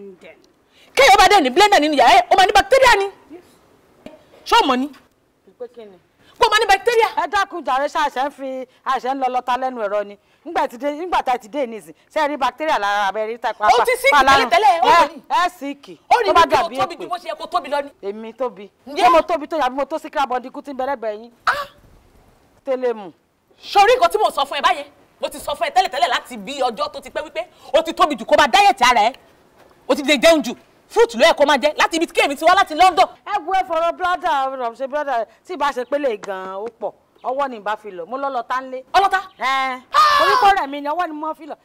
kéèyàn bá dẹ̀ ní blender nínú yàrá rẹ̀ ó máa ní bacteria ni ṣé o mọ̀ ni. ìpè kí ni pọ̀ mọ́ ní bacteria. ẹ dákun jàre ṣe ń fi àṣẹ ń lọ lọ́ta lẹ́nu ẹ̀rọ ni nígbà tí dé ti dé nísìn ṣe rí bacteria lára abẹ́ rí tàpá ó ti síkì tẹ́lẹ̀ tẹ́lẹ̀ ó ní ẹ síkì ó ní bí tó tóbi ju bó ṣe yẹ kó tóbi lọ ni. èmi tóbi ṣé mo tóbi tó yàbí mo tó síkírà bọ́ndì kú tí ń bẹ̀rẹ̀ bẹ̀yìn. Ah! tẹ́lẹ̀ mu. sori nǹkan tí mo sọ fún ẹ báyẹn mo ti sọ fún ẹ tẹ́lẹ̀tẹ́lẹ̀ láti bí ọjọ́ tó ti pẹ́ wípé ó ti tóbi jù kó bá dáyẹ̀tì ara ẹ ó ti jẹun jù fruit ló yẹ kó máa jẹ láti ibi tí kéèmí ti wá láti London. ẹ bu ẹ fọ̀rọ̀ brọdà ṣe brọdà tí ì ṣe pélé gan-an ó pọ̀ ọwọ́ ni ìbá fi lọ mo lọ́lọ́ta ńlé. ọlọ́ta. orúkọ rẹ̀ mi ni ọwọ́ ni mo fi lọ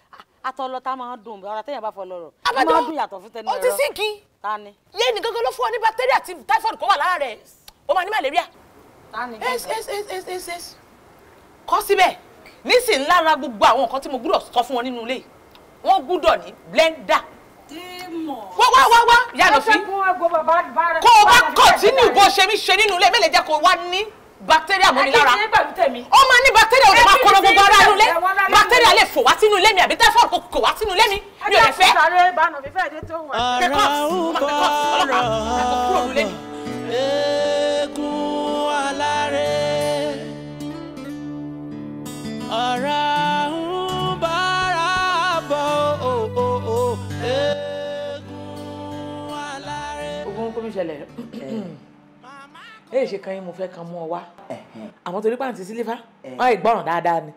atọ lọta máa ń dùn ọ̀rọ̀ téèyàn bá fọ lọ́rọ̀ ó máa ń dùn yàtọ̀ fún tẹnu ẹ̀rọ. o ti sínkì. ta ni. yé ni gangan ló fún ọ ní bacteria àti typhoid kó wà lára rẹ o máa ní malaria. ta ni gangan. síbẹ̀ nísìnyí lára gbogbo àwọn nǹkan tí mo gbúdọ̀ sọ fún wọn nínú ilé yìí wọ́n gbúdọ̀ ní blender wá wá wá wá ìyá lọ sí kó o bá kọ̀tínú bó ṣe mí ṣe nínú ilé mélòó jẹ́ kó o wá ní bacteria mọ́ mi lára ó máa ní bacteria ó lè máa kọ́nà gbogbo ara inú ilé bacteria lè fò wá sínú ilé mi àbí tẹ́fọ̀n kò kò wá sínú ilé mi mi ò lè fẹ́. ara ń bọ̀ ọ̀rọ̀ eégún alárè. All right. ṣẹlẹ̀ èyí ṣe kan yín mo fẹ́ kan mú ọ wá àmọ́ torí pàǹtí sílífà wọn ì gbọ́ràn dáadáa ni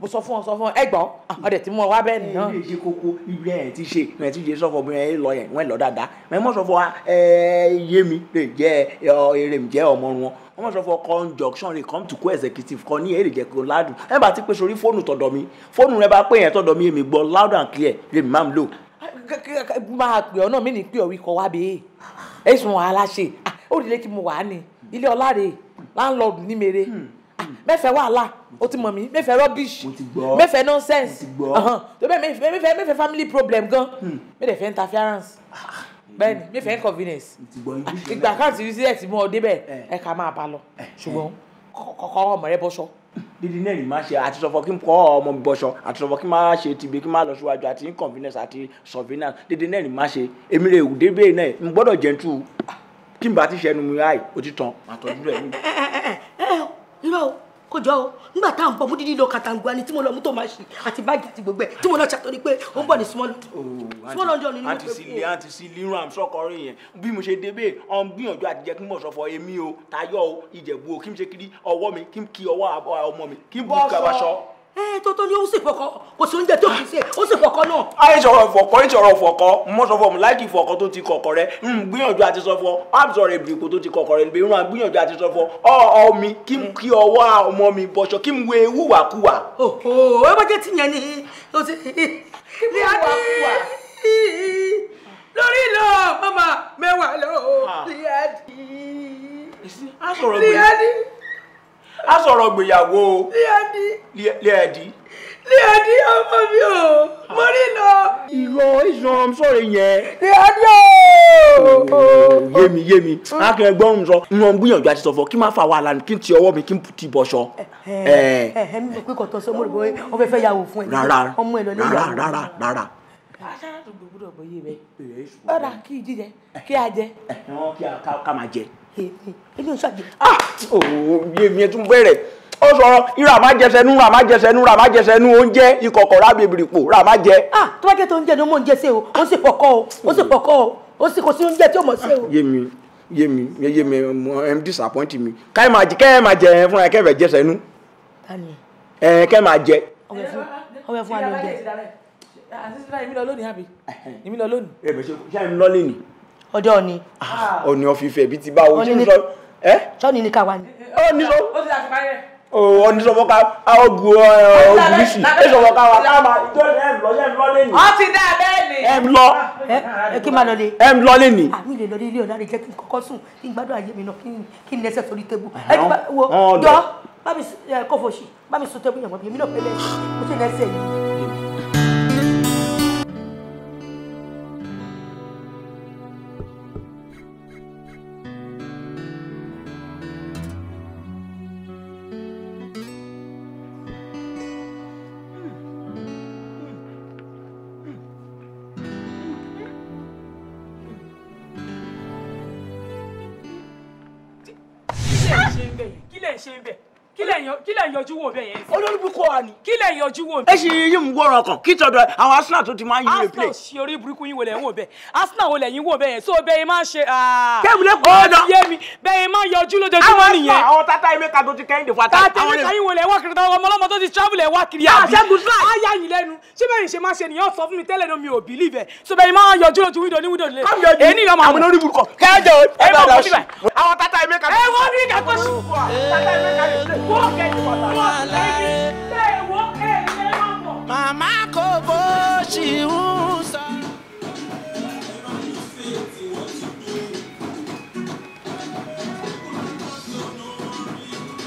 mo sọ fún ọ sọ fún ọ ẹ gbọ́ ah, ọdẹ tí mo wá bẹ́ẹ̀ nìyẹn. ilé ìṣe kókó ilé ẹ ti ṣe ẹ ti ṣe sọfọ bí ẹ lọ yẹn wọn lọ dáadáa ẹ mọ sọfọ ẹ yé mi lè jẹ eré mi jẹ ọmọ wọn wọn mọ sọfọ conjunction rẹ come to co-executive kan ní èrè jẹ kó ládùn ẹ bá ti pè sórí fóònù tọ̀dọ̀ mi fóònù rẹ bá pè yẹn tọ̀dọ̀ mi èmi gbọ́ loud and clear lèmi máa ń lò máa pè ọ náà mí ní pé ọ ikọ̀ wá bèè ẹ̀sùn wàhálà ṣe ó rí lékì mo wà á ní ilé ọláre láńlọ́ọ̀dù ní mere mẹ́fẹ̀ẹ́ wàhálà ó ti mọ̀ mí mẹ́fẹ̀ẹ́ rubbish mẹ́fẹ̀ẹ́ nonsense tó bẹ́ẹ̀ mẹ́fẹ̀ẹ́ mẹ́fẹ̀ẹ́ family problem gan mẹ́fẹ̀ẹ́ hmm. fẹ́ interference ah, bẹ́ẹ̀ni mẹ́fẹ̀ẹ́ inconvenience ah, ìgbà kan ti rí sílẹ̀ tí mo débẹ̀ eh. ẹ̀ ká máa bá lọ eh, eh. ṣùgbọ́n kọ́kọ́ ọmọ rẹ bọ́ṣọ́ dídí náà yìí má ṣe àti sọfọ kí n kọ ọmọ bọṣọ àti sọfọ kí n má ṣe tìbí kí n má lọ síwájú àti inconvenience àti surveillance dídí náà yìí má ṣe èmi rè òde bẹ́ẹ̀ náà n gbọ́dọ̀ jẹ́ntu kí n bá ti ṣẹnu mi ráì ó ti tán àtọ́jú rẹ̀ níbi. irọ́ kò jọ o nígbà tá à ń bọ̀ mú dídí lọ kàtàǹgbà ni tí mo lọ mú tó máa ṣe àti báàgì àti gbogbo ẹ̀ tí mo lọ ṣàtọ́ni pé ó ń bọ̀ ní small london oh, small london ni mo pè fún o. àmúṣọkọrin yẹn bí mo ṣe débẹ̀ ọ̀n gbìyànjú àti kí n mọ̀ sọ́fọ̀ èmi o Táyọ̀ o Ìjẹ̀bú o kí n ṣe kiri ọwọ́ mi kí n kí ọwọ́ ọmọ mi kí n bú kàbàṣọ ẹ tó tó ní ó sì fọkọ kò sí oúnjẹ tó kì í ṣe ó sì fọkọ náà. ayé sọ̀rọ̀ fọ̀kọ́ ẹ̀ sọ̀rọ̀ fọ̀kọ́ mo sọ fún ọmọ láìkì fọ̀kọ́ tó ti kọ̀kọ́ rẹ ń mm, gbìyànjú àti sọ fún ọ àbùsọ̀rọ̀ ìbìkú tó ti kọ̀kọ́ rẹ ń gbìyànjú àgbìyànjú àti sọ fún ọ ọ mi kí mm. ọwọ́ ọmọ mi bọ̀ṣọ kí n wo ewu wàkúwà. ooo oh, oh, ẹ bọ́jẹ́ ti yẹn ni o ti ní adé lórí ìlọ mọ́mà mẹ́wàá lọ́ọ́ a sọ̀rọ̀ gbéyàwó líẹ̀dí líẹ̀dí líẹ̀dí ọmọ mi o mo rí lọ. irọ́ ìṣàn sọ̀rọ̀ yẹn. líẹ̀dí o. yémi yémi akẹ́kẹ́ gbọ́rùn sọ ìwọ̀n gbìyànjú àti sọ̀fọ̀ kí n má fa wàhálà kí n ti ọwọ́ mi kí n ti bọ̀ṣọ. ẹ ẹ ẹ mi pé kò tọ́ sọ mo rò pé wọ́n fẹ́ fẹ́ yàwó fún ẹ ọmọ ẹ lọ lé yàwó. rárá rárá rárá. ọ̀dà kí jíjẹ kí a jẹ. Eh, ẹ̀ wọ́n kí a ká máa jẹ èmi èmi ò ṣàjẹ. ooo èmi ẹ tún bẹ̀rẹ̀ ó sọ̀rọ̀ irú àmájẹsẹ̀ nú àmájẹsẹ̀ nú àmájẹsẹ̀ nú oúnjẹ ìkọ̀kọ̀ rábìbìrì pò rà má jẹ. Ah, tó bá jẹ́ tó ń jẹ ni ó mọ̀ ń jẹ sí o ó sì pọ̀kọ́ o ó sì pọ̀kọ́ o ó sì kò sí oúnjẹ tí ó mọ̀ sí o. yémi yémi yémi ẹm disappoint mi káyọ̀ máa jẹ kẹ́ẹ̀ máa jẹ ẹ̀ fúnra kẹ́ẹ̀ fẹ́ jẹsẹ̀ nú. ẹ̀ kẹ́ẹ̀ máa jẹ. ọwọ́ ẹ̀ fún wa ló ń jẹ. àti sísè ọjọ́ ni. ọ̀nì ah, ọ̀fìfẹ́ bíi ti bá ojú ń lọ. sọ́ọ̀nì ni ká wà ní. ó ní sọ. ó ti àti báyẹn. ó ní sọfọ ká ọgù ọgùrìsì ní sọfọ ká wà ká máa tó ẹ ń lọ ẹ ń lọ lẹ́nu. ó ti dá bẹ́ẹ̀ ni. ẹ ń lọ. Ah, ẹ kí n máa lọ lé. ẹ ń lọ lẹ́nu. àmì ah, ìlè lọ ilé ọ̀nà rẹ̀ jẹ́ kí n kọ́kọ́ sùn kí n gbádùn ayé mi náà kí n lẹ́sẹ̀ sórí tébù. ẹ ti bá wo jọ bá mi kọ́fọ̀ọ́sì bá mi sùn tébù yàn mọ́ bí èmi náà pẹ́lẹ́ mo ṣe lẹ́sẹ̀ yìí. kí lẹ̀ yọjú wò bẹ́ẹ̀ yẹn. olórí burúkú wa ni. kí lẹ̀ yọjú wò ẹ sì yí mú gbọ́ràn kan kí tọ̀dọ̀ àwọn Arsenal tó ti máa ń yí lè play. Arsenal ṣe burúkú yín wò lẹ̀ ń wò bẹ́ẹ̀ Arsenal wò lẹ̀ yín wò bẹ́ẹ̀ yẹn so bẹ́ẹ̀ yín máa ń ṣe. kẹ́mìlẹ́ kò ó dán. yé mi bẹ́ẹ̀ yín máa ń yọjú lójoojúmọ́ nìyẹn. àwọn tata ilé ti kẹ́yìn wọn láre. màmá kò bó ṣì ń sọ.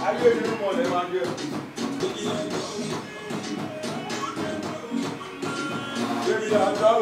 ayé ìlú mọ̀lẹ́ máa ń jẹ́. Tchau.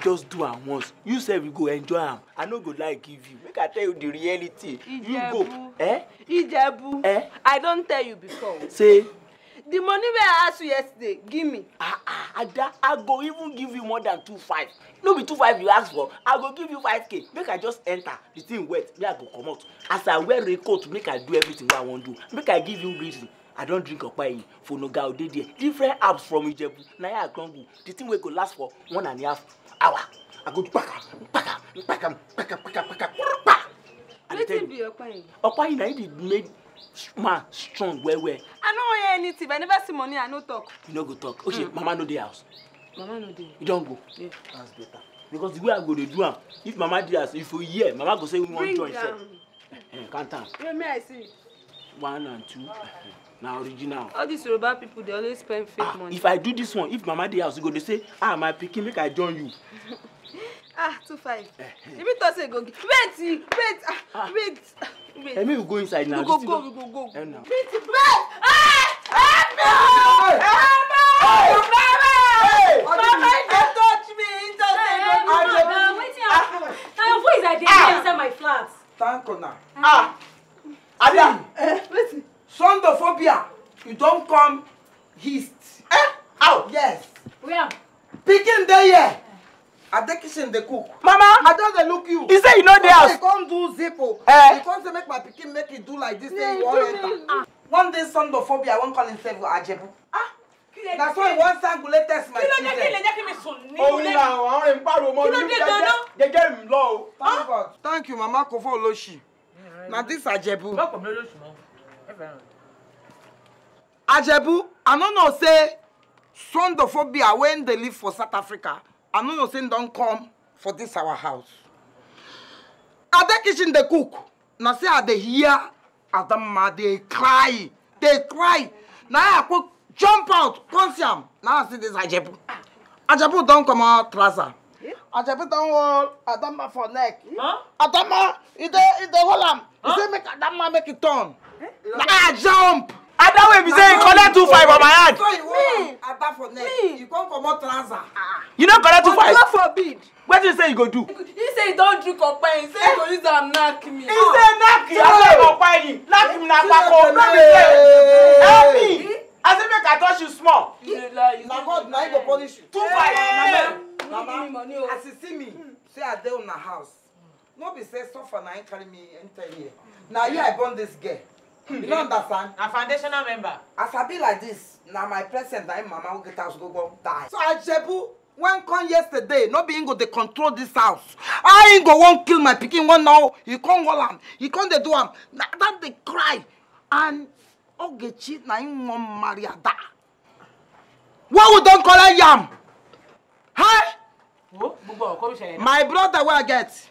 just do am once you sef you go enjoy am i no go lie give you make i tell you the reality ijebu, you go eh ijebu eh i don tell you before say the money wey i ask you yesterday give me ah ah ada i go even give you more than two five no be two five you ask for i go give you five k make i just enter the thing wet me i go comot as i wear coat, make i do everything wey i wan do make i give you reason i don drink opayi fonoga odede different apps from ijebu na here i come go the thing wey go last for one and a half awa i go to kpaka kpaka kpaka kpaka kpaka kpaka kpa. wetin be ọpa yìí. ọpa yìí na e dey make man strong well well. i no hear anything i never see money i no talk. you no go talk okay mm. mama no dey house. mama no dey. you don go. Yeah. that's better because the way i go dey do am if mama dey house if you hear mama go say we wan join sef. bring am. count am. yo may i see. one and two. Oh, okay na original all these yoruba people dey always spend fake ah, money if i do this one if mama dey house you go dey say ah my pikin make i join you ah two five eh, eh. you mean talk say you go wait wait ah, ah wait wait eh make we go inside now we go go we go go wait wait ah ah no ah no mama mama you dey touch me you talk say you go go now ah, happen na your voice i dey hear inside my flat. thank una ah ada. wetin. Sundophobia, you don't come east. Eh? How? Yes. Where? Picking there, yeah. I dey kitchen dey cook. Mama! I don't dey look you. He said you know dey house. Come do zippo. Eh? You come to make my picking make it do like this then you wan enter. Ah. One day Sundophobia wan call himself Ajebu. Ah! na so he wan test my children. kí ló dé kí lè jẹ́ kí mi sùn ní ilé mi. òun na àwọn ẹ̀ ń pariwo mọ́ ní jẹjẹ jẹjẹ mi lọ thank you mama kofo olosi na this Ajebu. bọ́ọ̀kọ̀ mi ló lóṣù ajebu i no know say sondophobia when they leave for south africa i no know say don't come for this our house At the kitchen they cook Now say i dey hear ma they cry they cry Now i go jump out come Now i see this ajebu ajebu don't come comot trouser ajebu don hold adamma for neck adamma e dey hold am e say make adamma make it e turn eh? Now i jump I don't want to say collect two five on my hand. So you want for neck. You You no collect two five. God forbid. What did you say you go do? He say he don't drink open. He say he go use and knock me. He say knack you. I say open you. Knock him na pako. No be say. Help me. I say make I touch you small. Na God na him go punish you. Two five. Mama, oh. as you see me, say I dey una house. No be say suffer na him carry me enter here. Now here I born this girl you no understand. A foundational member. as i be like this now my present na mama, mama get house go go die. so I ajebu wen come yesterday no being go They control this house I ain't go wan kill my picking one now he can't hold am he can't they do am na that they cry and oh get cheat na im wan marry ada wey we don't don collect yam. Hey! Oh, my brother where i get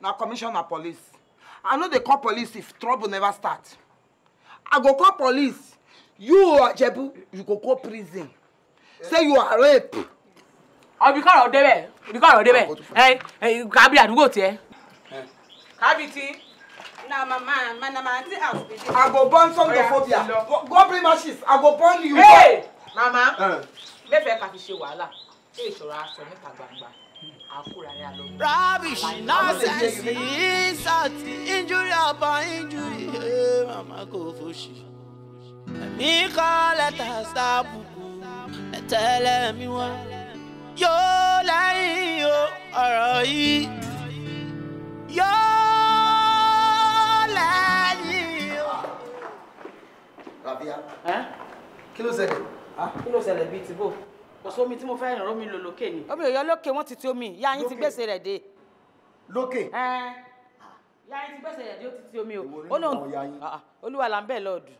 Now commissioner police i know they call police if trouble never start i go call police you are ajebu you go call prison say you are rape. ọbí kọ̀rọ̀ débẹ̀ ọbí kọ̀rọ̀ débẹ̀ ẹ Hey, hey, àdúgbò tiẹ̀. Eh. kábí tí. na mama na mama aunty house be there. i go born somnophobia oh, go bring matches i go burn you. Hey! mama Uh. Eh. Me mẹ́fẹ̀ẹ́ ká fi ṣe wàhálà ṣé ìṣòro aṣọ níta gbangba. Rubbish, nonsense, insult, injury upon injury. Hey, mama go fushi. Ẹ̀mí kọ́ lẹ́tà sábùkù, ẹ̀tẹ́lẹ̀ mi wá. Yóò lẹ́yìn o, ọ̀rọ̀ yìí. Yóò lẹ́yìn o. Rabia, kí ló ṣẹlẹ̀? Ah, kí ló ṣẹlẹ̀ bíi tìbò? kò sómi tí mo fẹ́ rìn rómi lò lókè ni. omi òyọ lókè wọ́n ti ti omi ìyá yín ti gbèsè rẹ̀ dé. lókè. ìyá yín ti gbèsè rẹ̀ dé ó ti ti omi o. Ah, ah. olúwa là ń bẹ̀ lọ́ọ̀dù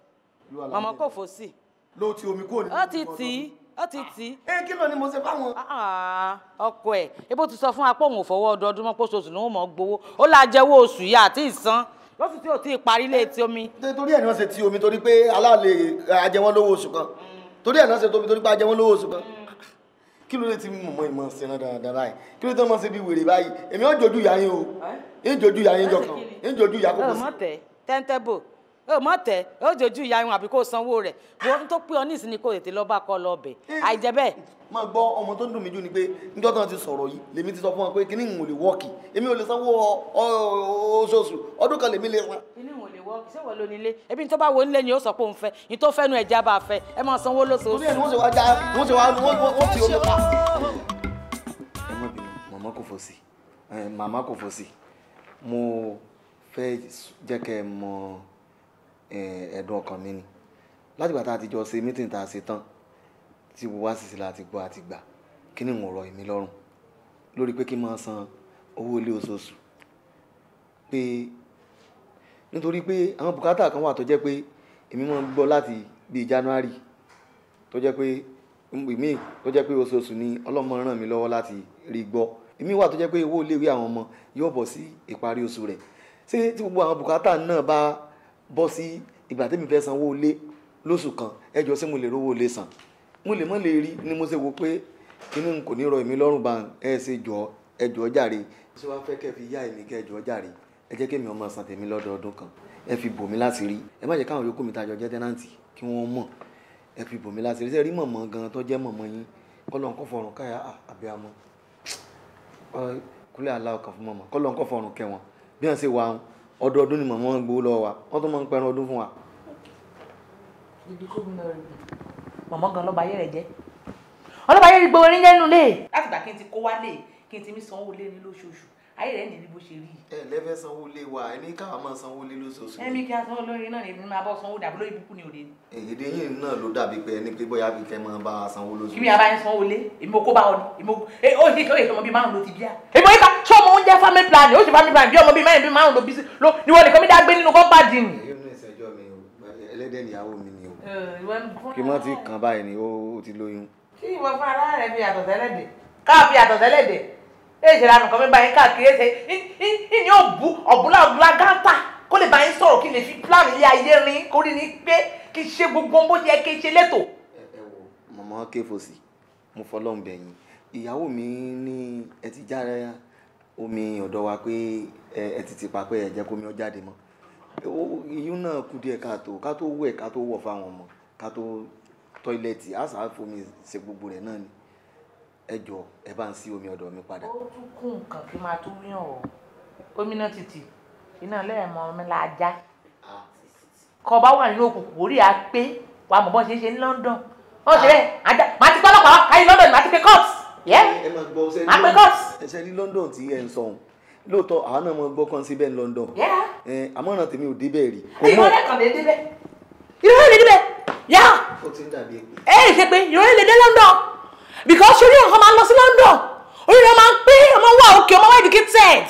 mọ̀mọ́ kò fò sí. ló ti omi kúrò nínú ọdún. ó ti tì í ó ti tì í. ẹ kí ló ni mo ṣe fáwọn. Ah, ọkọ ẹ ebó ti sọ fún apá òun ò fọwọ́ ọdọọdún mọ́ pósòsù ni wọ́n mọ̀ gbowó ó láà jẹ́wọ́ oṣù yìí àti ìsan lọ́sùn tí ò tí ì parí lé ti omi. Eh, eh, torí ẹ̀ ni wọ́n ṣe ti omi torí pé aláàlè ajẹwọ́n lówó oṣù kan mm. torí ẹ̀ ni wọ́n ṣe ti omi torí pé ajẹwọ́n lówó oṣù kan. Mm kí ló dé tí mọ̀mọ́ ìmọ̀ ṣe rán dáadáa báyìí kí ló dé mọ̀ ṣe bí wèrè báyìí èmi ò jojú ìyá yín o ń jojú ìyá yín jọkàn ń jojú ìyá kókó sí. ọmọ tẹ tẹ́ńtẹ́bò o tẹ o jojú ìyá wọn àbí kò sanwó rẹ wọn tó pé ọ nísìnyí kò tètè lọ bá kọ lọ bẹ àìjẹ bẹ́ẹ̀. máa gbọ́ ọmọ tó ń dùn mí jù ni pé níjọ́ tán ti sọ̀rọ̀ yìí lèmi ti sọ fún wọn pé kíní ìwọ̀n wọ́ọ̀kì èmi ò ìwọ kì í ṣèwọ ló nílé ebi tó bá wo nílé ni ó sọ pé òun fẹ́ ní tó fẹ́ nu ẹ̀já bá fẹ́ ẹ máa sanwó lóṣooṣù. torí ẹ̀ ni wọ́n ṣe wá já wọ́n ṣe wá wọ́n ti omi pa. ẹ má bínú màmá kò fò sí màmá kò fò sí mo fẹ́ jẹ́ kẹ́ ẹ mọ ẹ̀dùn ọkàn mi ni látìgbà tá a ti jọ ṣe mítìn tá a ṣe tán tí wọ́n wá sísè láti gbọ́ àti gbà kí ni ìwọ̀n rọ èmi lọ́rùn lórí pé kí n máa san owó ilé oṣooṣù pé nítorí pé àwọn bùkátà kan wà tó jẹ́ pé èmi máa ń gbọ́ láti bíi January tó jẹ́ pé èmi tó jẹ́ pé oṣooṣù ni ọlọ́mọ ràn mí lọ́wọ́ láti rí gbọ́ èmi wà tó jẹ́ pé owó iléèwé àwọn ọmọ yóò bọ̀ sí ìparí oṣù rẹ̀ ṣé tí gbogbo àwọn bùkátà náà bá bọ́ sí ìgbà tẹ́mi fẹ́ sanwó ilé lóṣù kan ẹ jọ̀ọ́ mo lè rówó ilé san mo lè mọ́ lè rí ni mo ṣe wò pé inú n kò ní rọ èmi lọ́rùn bá ẹ ṣe jọ̀ọ́ ẹ jàre ṣé wàá fẹ́ kẹ́ fi yá èmi kẹ́ jọ̀ọ́ jàre ẹ jẹ́ kémi ọmọ san tèmi lọ́dọọdún kan ẹ fi bò mí láti rí ẹ má jẹ́ káwọn yòókù mi tàjọ jẹ́ tẹ́nàntì kí wọ́n mọ̀ ẹ fi bò mí láti rí ṣe rí mọ̀mọ́ gan tó jẹ́ mọ̀mọ́ yín kọ́lọ́n kọ́ fọrùn káyà àbí amọ́ kúlẹ̀ àlá ọkàn fún mọ̀mọ́ kọ́lọ́n kọ́ fọrùn kẹwọn bí wọ́n ṣe wà ọdọọdún ni mọ̀mọ́ gbowó lọ́wọ́ wa wọ́n tún máa ń pẹran ọdún fún wa. mọ̀mọ́ gan lọ́ba ayé rẹ̀ jẹ́ ọlọ́ba ayé rẹ̀ gbowó ní jẹ́nu lé. láti gbà ayé rẹ nìyí bó ṣe rí. ẹ lẹfẹ sanwó lé wa ẹni káwa máa sanwó lé lóṣooṣù. ẹmí kí a sanwó lórí náà èmi máa bọ sanwó dàbí lórí ibùkún ni òde. èdè yìí náà ló dàbí pé ẹni pé bóyá kíkẹ́ máa bá a sanwó lóṣooṣù. kí mi àbá yẹn sanwó lé èmi kó bá ọ ni èmi ó ṣe kí ó yẹ kí ọmọ bíi márùn ló ti bí a. èmi yìí ká ṣé ọmọ oúnjẹ family plan ó ṣe family plan bí ọmọ bíi mẹ́rin bíi márùn ló bí sí ni wọ́n nìkan o kí mọ́ ti kàn báyìí ni ó ti lóyún. kí èsì lànà kan mẹ́ba yẹn káàkiri èsì ìní òbú ọ̀búlábúlá gáńtà kó lè bá yín sọ̀rọ̀ kí n lè fi plan ilé ayé rin kó rí ni pé kí n ṣe gbogbo bó yẹ kí n ṣe létò. ẹ wo màmá kéfòsì mo fọlọ́n bẹ̀ yín ìyàwó mi ní ẹ ti jára omi ọ̀dọ̀ wa pé ẹ ti ti pa pé ẹ jẹ́ kó mi ọ jáde mọ́ ìyún náà kù díẹ̀ káàtó ká tó wẹ̀ ká tó wọ̀ fáwọn ọmọ ká tó tọ́ílẹ̀tì àṣà fomi ṣe gbogbo rẹ̀ náà ni ẹ jọ ẹ bá ń sí omi ọ̀dọ̀ mi padà. ó tún kún nǹkan kí n máa tún wíyàn o omi náà ti tì iná lẹ́ẹ̀mọ mi la já ah. kọ bá wà nínú òkùnkùn orí a pé wà mọ̀ bọ́ ṣe ṣe ní London ó ṣe bẹ́ẹ̀ ah. àdá màá ti pẹ́ lọ́pàá káyé London màá ti pe court yẹ́ màá pe court. ẹ ṣe ní London tí ẹ ń sọ̀hún lóòótọ́ àwọn náà mọ gbọ́ kan síbẹ̀ ní London àmọ́ràn tèmi ò débẹ̀ rí. ìrọ̀lẹ́ kan lè débẹ̀ ìrọ̀lẹ́ lè débẹ̀ yá. ó ti ń dàbí èpè. ẹ ẹ ṣe pé ìrọ̀lẹ́ lè dé London because orí ọ̀hún máa ń lọ sí London orí rẹ̀ máa ń pé ọmọ wà òkè ọmọ wà educated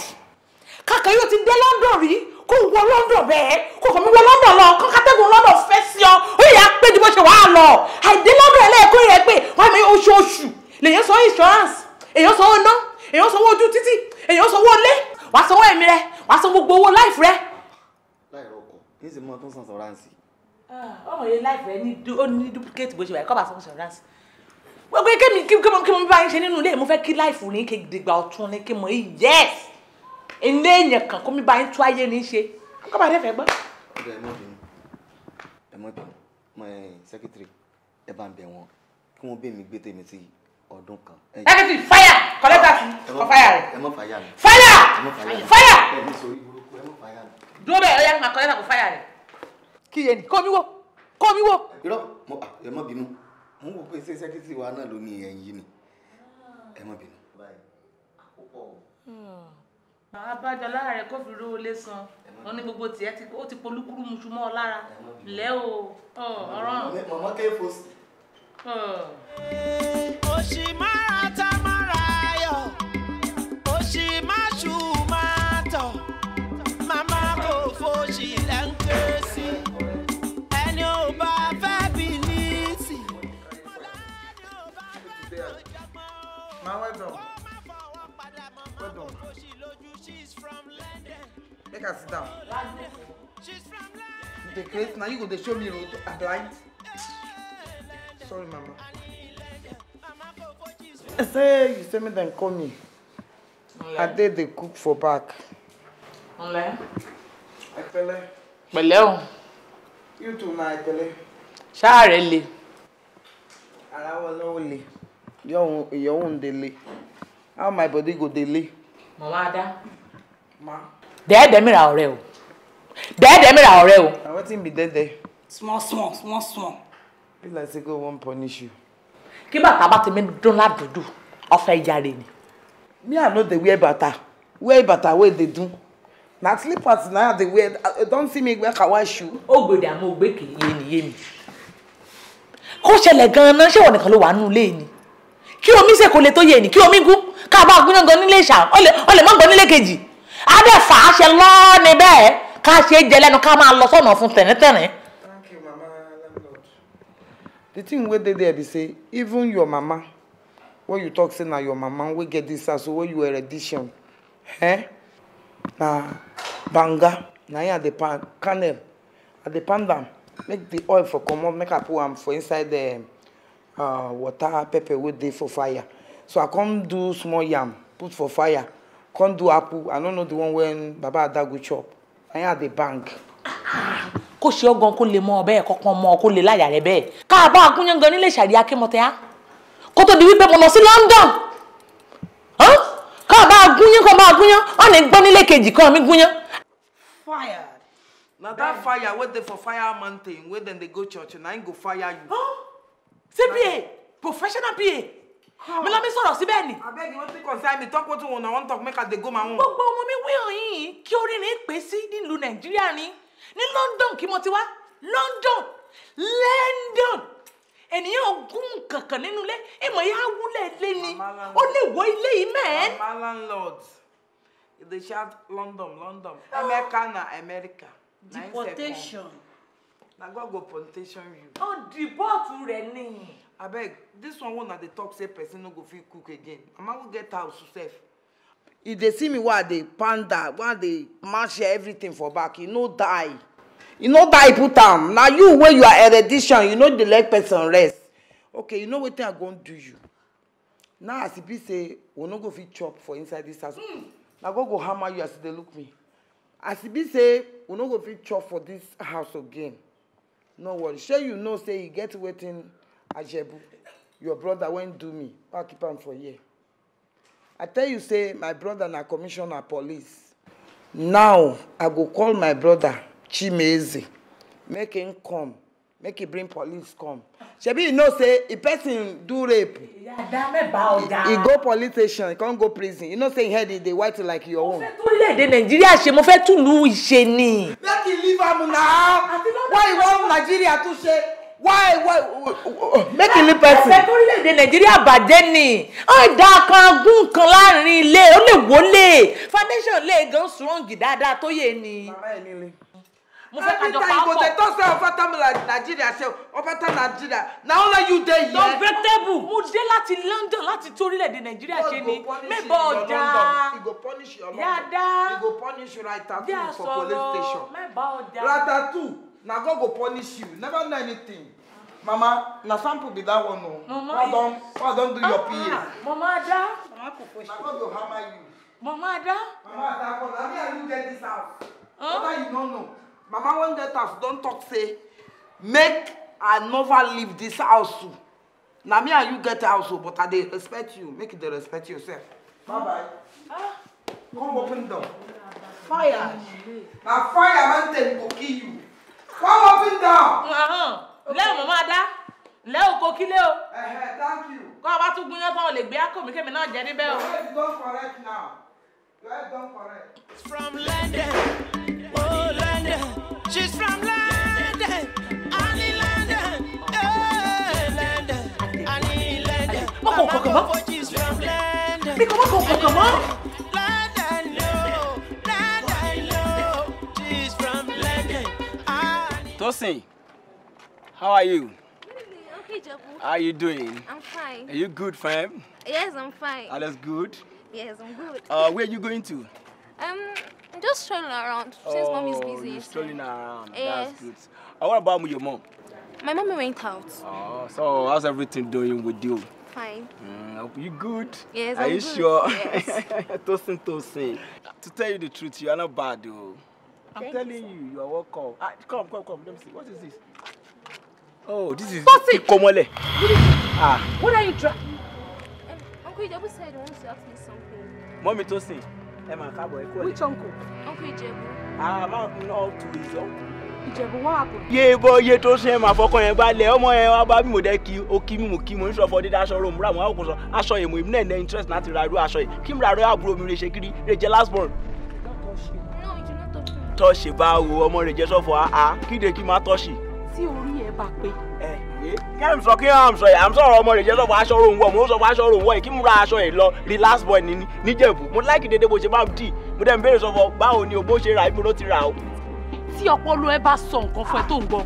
kàkà yóò ti dé London rí kó wọ London bẹ́ẹ̀ kó kàn mí wọ London lọ kó kátẹ́gùn London fẹ́ sí ọ ó yẹ pé ju bó ṣe wàá lọ àìdé London ẹlẹ́ẹ̀kọ́ rẹ̀ pé wọ́n mi oṣooṣù lèyàn sanwó insurance èyàn sanwó ná èyàn sanwó ojú títì èyàn sanwó ilé wàá sanwó ẹ̀mí rẹ wàá san gbogbo owó láìf rẹ. láì rọkọ̀ kí n sì mọ tó ń san sọ̀rọ̀ àǹsì. Ah, ọmọ yẹn láìf rẹ ní duplicate bó ṣe wà ẹ̀ kọ́ bá sọ̀rọ̀ àǹsì wọ́n pé kí mo kí mo bá ń ṣe nínú ilé mo fẹ́ kí láìfù ní kí dìgbà ọ̀tún ní kí mo yí yẹ́s ilé èèyàn kan kó mi bá ń tú ayé ní ṣe kó bá dé fẹ́ gbọ́. ẹ mọ bínú ẹ mọ bínú mọ ẹ sẹkítírì ẹ bá ń bẹ wọn kí wọn bẹ mi gbé tèmi sí ọdún kan. sẹkítírì fáyà kọlẹ́tà kọ fáyà fáyà mi. fáyà fáyà. dúró bẹ́ẹ̀ ọ̀yà kọlẹ́tà kọ fáyà rẹ. kí mo ń wò pé ṣé sẹ́kítì wa náà ló ní ẹyin ni ah. ẹ má bínú. Hmm. àbájọ lára rẹ kó fi lé san wọn ní gbogbo tiẹ ó ti polúkúrú mu ṣùmọ́ ọ lára lẹ́ o ọ̀rọ̀. mọ̀mọ́ kéfò sí. òṣì máa ta. make her sit down dey create na you go dey show me road i blind sorry mama I say you send me then call me I did the cook for back. ǹlẹ́. ẹ pẹ̀lẹ́. pẹ̀lẹ́ o. you too my ẹ pẹ̀lẹ́. ṣáà rẹ le. ara wọn lọ́wọ́ le your own dey lay how my body go dey mama ada. ma dẹ́ẹ̀dẹ́ mìíràn ọ̀rẹ́ o dẹ́ẹ̀dẹ́ mìíràn ọ̀rẹ́ o. na wetin be dẹ́ẹ̀dẹ́. small small small small. be like say God wan punish you. kí bàtà bá ti mi dún ládùúdù ọ̀fẹ́ yàrá ni. me i no dey wear bàtà wear bàtà wey dey dun na slippers na i dey wear i don see me wear kawa shoe. ó gbèdè àmọ́ ògbé kì í yé mi yé mi kó ṣẹlẹ̀ gan-an ṣé wọn nìkan ló wà nínú ilé ni kí omi ṣe kò lè tó yé ni kí omi gún ká bá gbóná gan nílé ìṣà ọ lè má gbọ́ nílé kejì adẹ́fà á ṣe lọ́ọ́ níbẹ̀ ká ṣe é jẹ lẹ́nu ká máa lọ sọ́nà fún tẹ̀ríntẹ̀rín. thank you mama the thing wey dey there be say even your mama wey you talk say na your mama wey get this house wey you heredition eh? na banga na im i dey pan kernel i dey pound am make the oil for comot make i put am for inside the uh, water pepper wey dey for fire so i come do small yam put for fire come do apple i don't know the one when baba adagu chop I had the na him i dey bang. kó ṣe ọgàn kó lè mọ ọbẹ ẹ kọkàn mọ kó lè láyà rẹ bẹ́ẹ̀ káàbọ agúnyangan nílé ìṣàrí akémọtẹá kó tó di wípé mo lọ sí London káàbọ agúnyán kọ bá agúnyán wọn ní gbọ́ nílé kejì kan mi gúnyán. fire na that fire wey dey for fire mountain wey dem dey go church na im go fire you. ṣé pa professional pa mi lọ mi sọ̀rọ̀ síbẹ̀ ni. abeg you wetin concern me talk wetin una wan talk make i dey go my own. gbogbo ọmọ mi wíìlì yìí kí orírin pè sí nílùú nàìjíríà ni ní london kí mo ti wá london london ènìyàn ogún kankan nínú ilé ìmọ̀ yà á wúlẹ̀ lé ni ó lè wọ ilé yìí mẹ́ẹ̀. mama landlord dey shout london london emeka ah. na america. deportation. na god go deportation you. Oh, dìbọ́ọ̀tù rẹ̀ nìyí abeg dis one wey una dey talk say person no go fit cook again mama wey get house sef If dey see me wey i dey panda wey i dey mash everything for back e no die e no die put am na you wey you are hereditary you no dey let person rest okay you know wetin i gon do you now as e be say we no go fit chop for inside this house mm. na god go hammer you as you e dey look me as e be say we no go fit chop for this house again no worry shey you know say e get wetin. Ajebu, your brother won't do me. I'll keep him for here. I tell you, say, my brother na commissioner police. Now, I go call my brother, Chimeze. Make him come. Make him bring police come. Shebi, you know, say, a person do rape. he, he go police station, he can't go prison. You know, say, he it, they white like your own. orílẹ̀-èdè nàìjíríà ṣe mo fẹ́ tún lù ú ṣe ni. leave him now why you want Nigeria to say? why why make it live person. ẹsẹ̀ orílẹ̀-èdè nàìjíríà bàjẹ́ ni ọ̀dà kan gún kan láàrin ilé ó lè wọlé foundation lè gan strong dáadáa tó yẹ ni. mo fẹ́ kájọ pa ọkọ. every time you go dey talk say ọfẹta mi nàìjíríà ṣe ọfẹta nàìjíríà na only you dey here. don vegetable mo dé láti London láti tó orílẹ̀-èdè nàìjíríà ṣe ni mẹ́bọ̀ ọjà yàda yàda sọ̀rọ̀ mẹ́bọ̀ ọjà na god go punish you never know anything mama na sample be that one o mama don why don't do your ah, pa mama ada mama koko she na god go hammer you mama ada mama ada god na me and you get this house huh? whether you no know mama wen get house Don't talk say make i never leave this house o oh. na me and you get house oh, but i dey respect you make you respect yourself bye bye ah. come open door fire na fire man mountain go kill you. Come up and down. Lẹ́ o màmá dá. Lẹ́ o kò kílé o. Thank you. Kọ́ ọ bá tún gúnyán tán o lè gbé ákòmí kémi náà jẹ níbẹ̀ Your head don correct now. Your head don correct. From London, oh London, she's from London, only London, oh London, only London. Mọ̀kàn kọ̀kàn mọ́. Bí kò mọ̀kàn kọ̀kàn mọ́. Blessing, how are you? Okay, Jabu. How are you doing? I'm fine. Are you good, fam? Yes, I'm fine. All is good? Yes, I'm good. Uh, where are you going to? Um, just strolling around oh, since mom is oh, busy. You're strolling around. Yes. That's good. Uh, what about your mom? My mom went out. Oh, so how's everything doing with you? Fine. Mm, you good? Yes, are I'm you sure? Yes. toasting, toasting. To tell you the truth, you are not bad, though. I'm Thank telling you, you are welcome. Ah, come, come, come. Let me see. What is this? Oh, this is Ikomole. Ah. What are you trying? Um, Uncle Ijebu said he wants to ask me something. Mommy to sing. Emma Kabo, Ekole. Which uncle? Uncle Ijebu. Ah, I'm not to his uncle. Ijebu, what happened? Ye boy, ye to se ma fọkàn yẹn balẹ̀ ọmọ yẹn wá bá mi mo ki o ki mi mo ki mo nso fo de aṣọ ro mura mo wa ko so aṣọ yẹn mo im na interest láti ra ru aṣọ yẹn kim ra ru àbúrò mi re se kiri re je last born tọ́ṣì bá wo ọmọ rẹ̀ jẹ́ sọ́fọ̀ àá kíde kí má tọ́ṣì. tí orí ẹ bá pé. ẹ kí ẹ sọ kí ẹ sọ yà á sọ̀rọ̀ ọmọ rẹ̀ jẹ́ sọ́fọ̀ aṣọ òun wọ̀ mo sọ fún aṣọ òun wọ̀ yìí kí mo ra aṣọ yìí lọ relax boy ní níjẹ̀bù mo láìkì dédé bó ṣe máa dì mo dẹ̀ ń béèrè sọ́fọ̀ báwo ni o ṣe rà ibi ló ti rà o. tí ọpọlọ ẹ bá sọ nǹkan fún ẹ tó ń gbọ́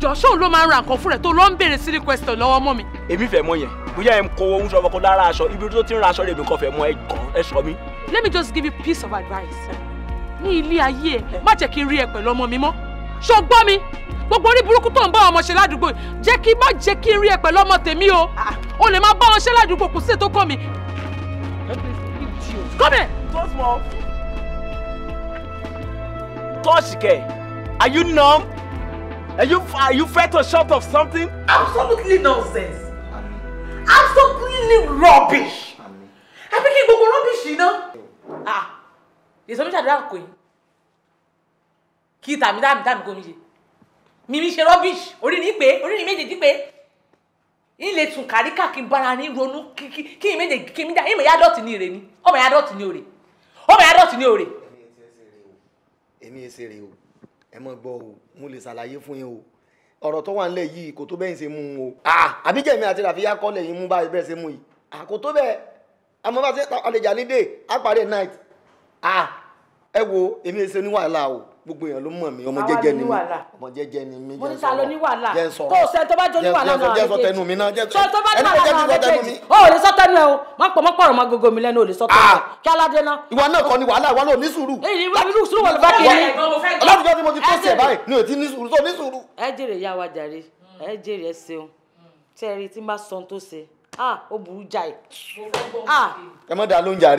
jọ̀ṣọ́ ló máa ń ra nǹkan fún rẹ̀ tó lọ ń béèrè sí request lọ́wọ́ mọ́ mi. èmi fẹ́ mọ̀ yẹn bóyá ẹ̀ ń kó ohun sọ̀rọ̀ kan lára aṣọ ibi tó ti ń ra aṣọ rẹ̀ mi kò fẹ́ mọ̀ ẹ̀ gan ẹ̀ sọ mi. Let me just give you piece of advice ní ilé ayé ẹ má jẹ́ kí n rí ẹ pẹ̀lú ọmọ mi mọ́ ṣọgbọ́n mi gbogbo orí burúkú tó ń bá ọmọ ṣe ládùúgbò jẹ́ kí má jẹ́ kí n rí ẹ pẹ̀lú ọmọ tèmi o o lè má bá wọn ṣe ládùúgbò kò sí ètò kọ́ mi. kọ́mẹ̀. tọ́ọ̀ṣì kẹ̀ are you numb are you are you fed or short of something. absolutely nonsense absolutely rubbish. àbí kí gbogbo rubbish yìí ná. Ah, èso mi ṣàdúrà kò yín kí tàmí tàmí tàmí kò mi ṣe mímí ṣe rubbish orí ní pé orí ní méjèèjì pé yín lè tún kàríkà kí n bára ní ronú kí kí n méjèèjì kí n dá ìmọ̀ ya dọ̀tí ní ire ni ọmọ ya dọ̀tí ní òrè ọmọ ya dọ̀tí ní òrè. èmi èsè rè o ẹ mọ gbọ́ o mo lè ṣàlàyé fún yín o ọ̀rọ̀ tó wà ńlẹ̀ yìí kò tó bẹ́ẹ̀ ṣe mú un o ah! ah! àbíjẹ̀mí àti ràfíà kọ́lẹ̀ yìí mú báyìí bẹ́ẹ̀ ṣe mú yìí àkótó ah! bẹ́ẹ̀ amọ́fàṣẹ́ àlejò àlédè àpàrẹ̀ night ah ẹ wo èmi ẹsẹ ní wàhálà o gbogbo èèyàn ló mọ̀ mí ọmọ jẹ́jẹ́ ni mí ọmọ jẹ́jẹ́ ni mí jẹ́ sọ̀rọ̀ jẹ́ sọ̀rọ̀ kó o sẹ́ tó bá jó ní wàhálà náà jẹ́ sọ tẹnu mi náà jẹ́ sọ tó bá jó ní wàhálà náà jẹ́ o ò lè sọ tẹnu ẹ o má pọ̀ má pọ̀rọ̀ má gogo mi lẹ́nu o lè sọ tẹnu ah! ẹ kí aládé náà. ìwà náà kọ́ ni wàhálà ìwà náà ní sùúrù. irú sùúrù wọ̀ ló bá kiri. ọlọ́dúnrún tí mo ti pèsè báyìí ni ò ti ní sùúrù tó ní sùúrù. ẹ jèrè yá wa jàre ẹ jèrè ẹ ṣeun tẹ́ẹ̀rí tí n bá sọ tó ṣe Ah, ó burú jáì. Ah. ẹ má dá ló ń ẹ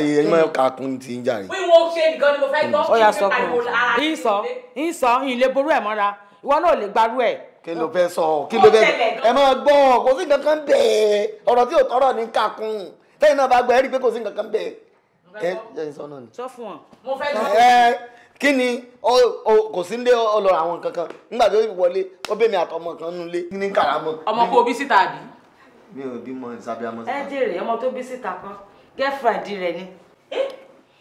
kún ti ń jàre. wíwọ ṣe nìkan ni mo fẹ́ gbọ́. ó yà sọ fún mi ìsọ ìsọ mọ́ra ìwọ náà lè kí ló fẹ́ sọ kí ló fẹ́ ẹ gbọ́ kò sí nǹkan kan ọ̀rọ̀ tí tọrọ ní tẹ́yìn náà bá gbọ́ ẹ rí i pé kò sí nǹkan kan sọ fún ọ. kí ni kò sí nílé àwọn kankan nígbà tó wọlé ó mi mi ò bímọ ìsàbíamọ síta. ẹ jèrè ọmọ tó bí síta kan girlfriend rẹ ni.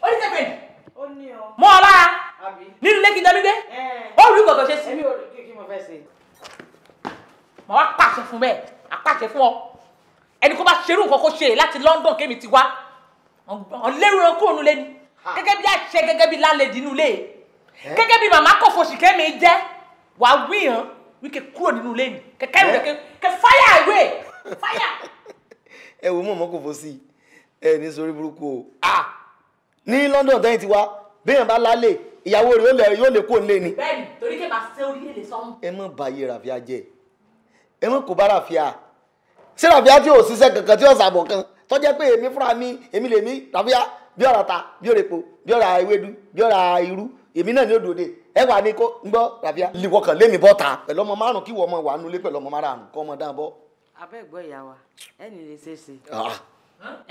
ó ní sẹ́fẹ̀ẹ́nì. ó ní ọ. mọ ọ lára nínú ilé kí n jẹ lóde. ó rí gbọ̀ngàn ṣe sí. èmi ò rí kí kí mo fẹ́ ṣe. mà wá pàṣẹ fún bẹ́ẹ̀ àpàṣẹ fún ọ ẹni kó bá ṣerú nǹkan kó ṣe láti London kémi ti wá ọ̀lẹ́rù ẹran kúrò nulẹ̀ ni gẹ́gẹ́ bí àṣẹ gẹ́gẹ́ bí lálẹ́dì nulẹ̀ gẹ́gẹ́ bí màmá kọ̀fọ̀ ṣìkẹ́mi jẹ́ wàá wíyàn wíkẹ́ kúrò nínú ilé ni kẹ́kẹ́ rẹ̀ fáyà ìwé. fáyà. ẹ wo mọ̀mọ́ kò fọ́ sí ẹ ní sórí burúkú o ní London tẹ́yìn tiwa wá béèyàn bá lálẹ́ ìyàwó rẹ̀ yóò lè kó lé ni. bẹ́ẹ̀ni torí kẹ́ bá ṣe orí èlé sọ́hún. ẹ má bà ràfíà jẹ́ ẹ má kó bá ràfíà ṣé ràfíà kankan tí ò ṣàbọ̀ kan tó pé èmi fúnra mi èmi lèmi ràfíà bí ọ̀rọ̀ ta bí bí ọ̀rọ̀ ewédú bí ọ̀rọ̀ irú èmi náà ni ó dòde ẹ wà ní kó ń gbọ́ ràfíà. lémi bọ́ ọmọ márùn-ún kí ọmọ márùn-ún ọmọ dáná abẹ́gbọ́ ìyá wa ẹni lè ṣe é ṣe ah.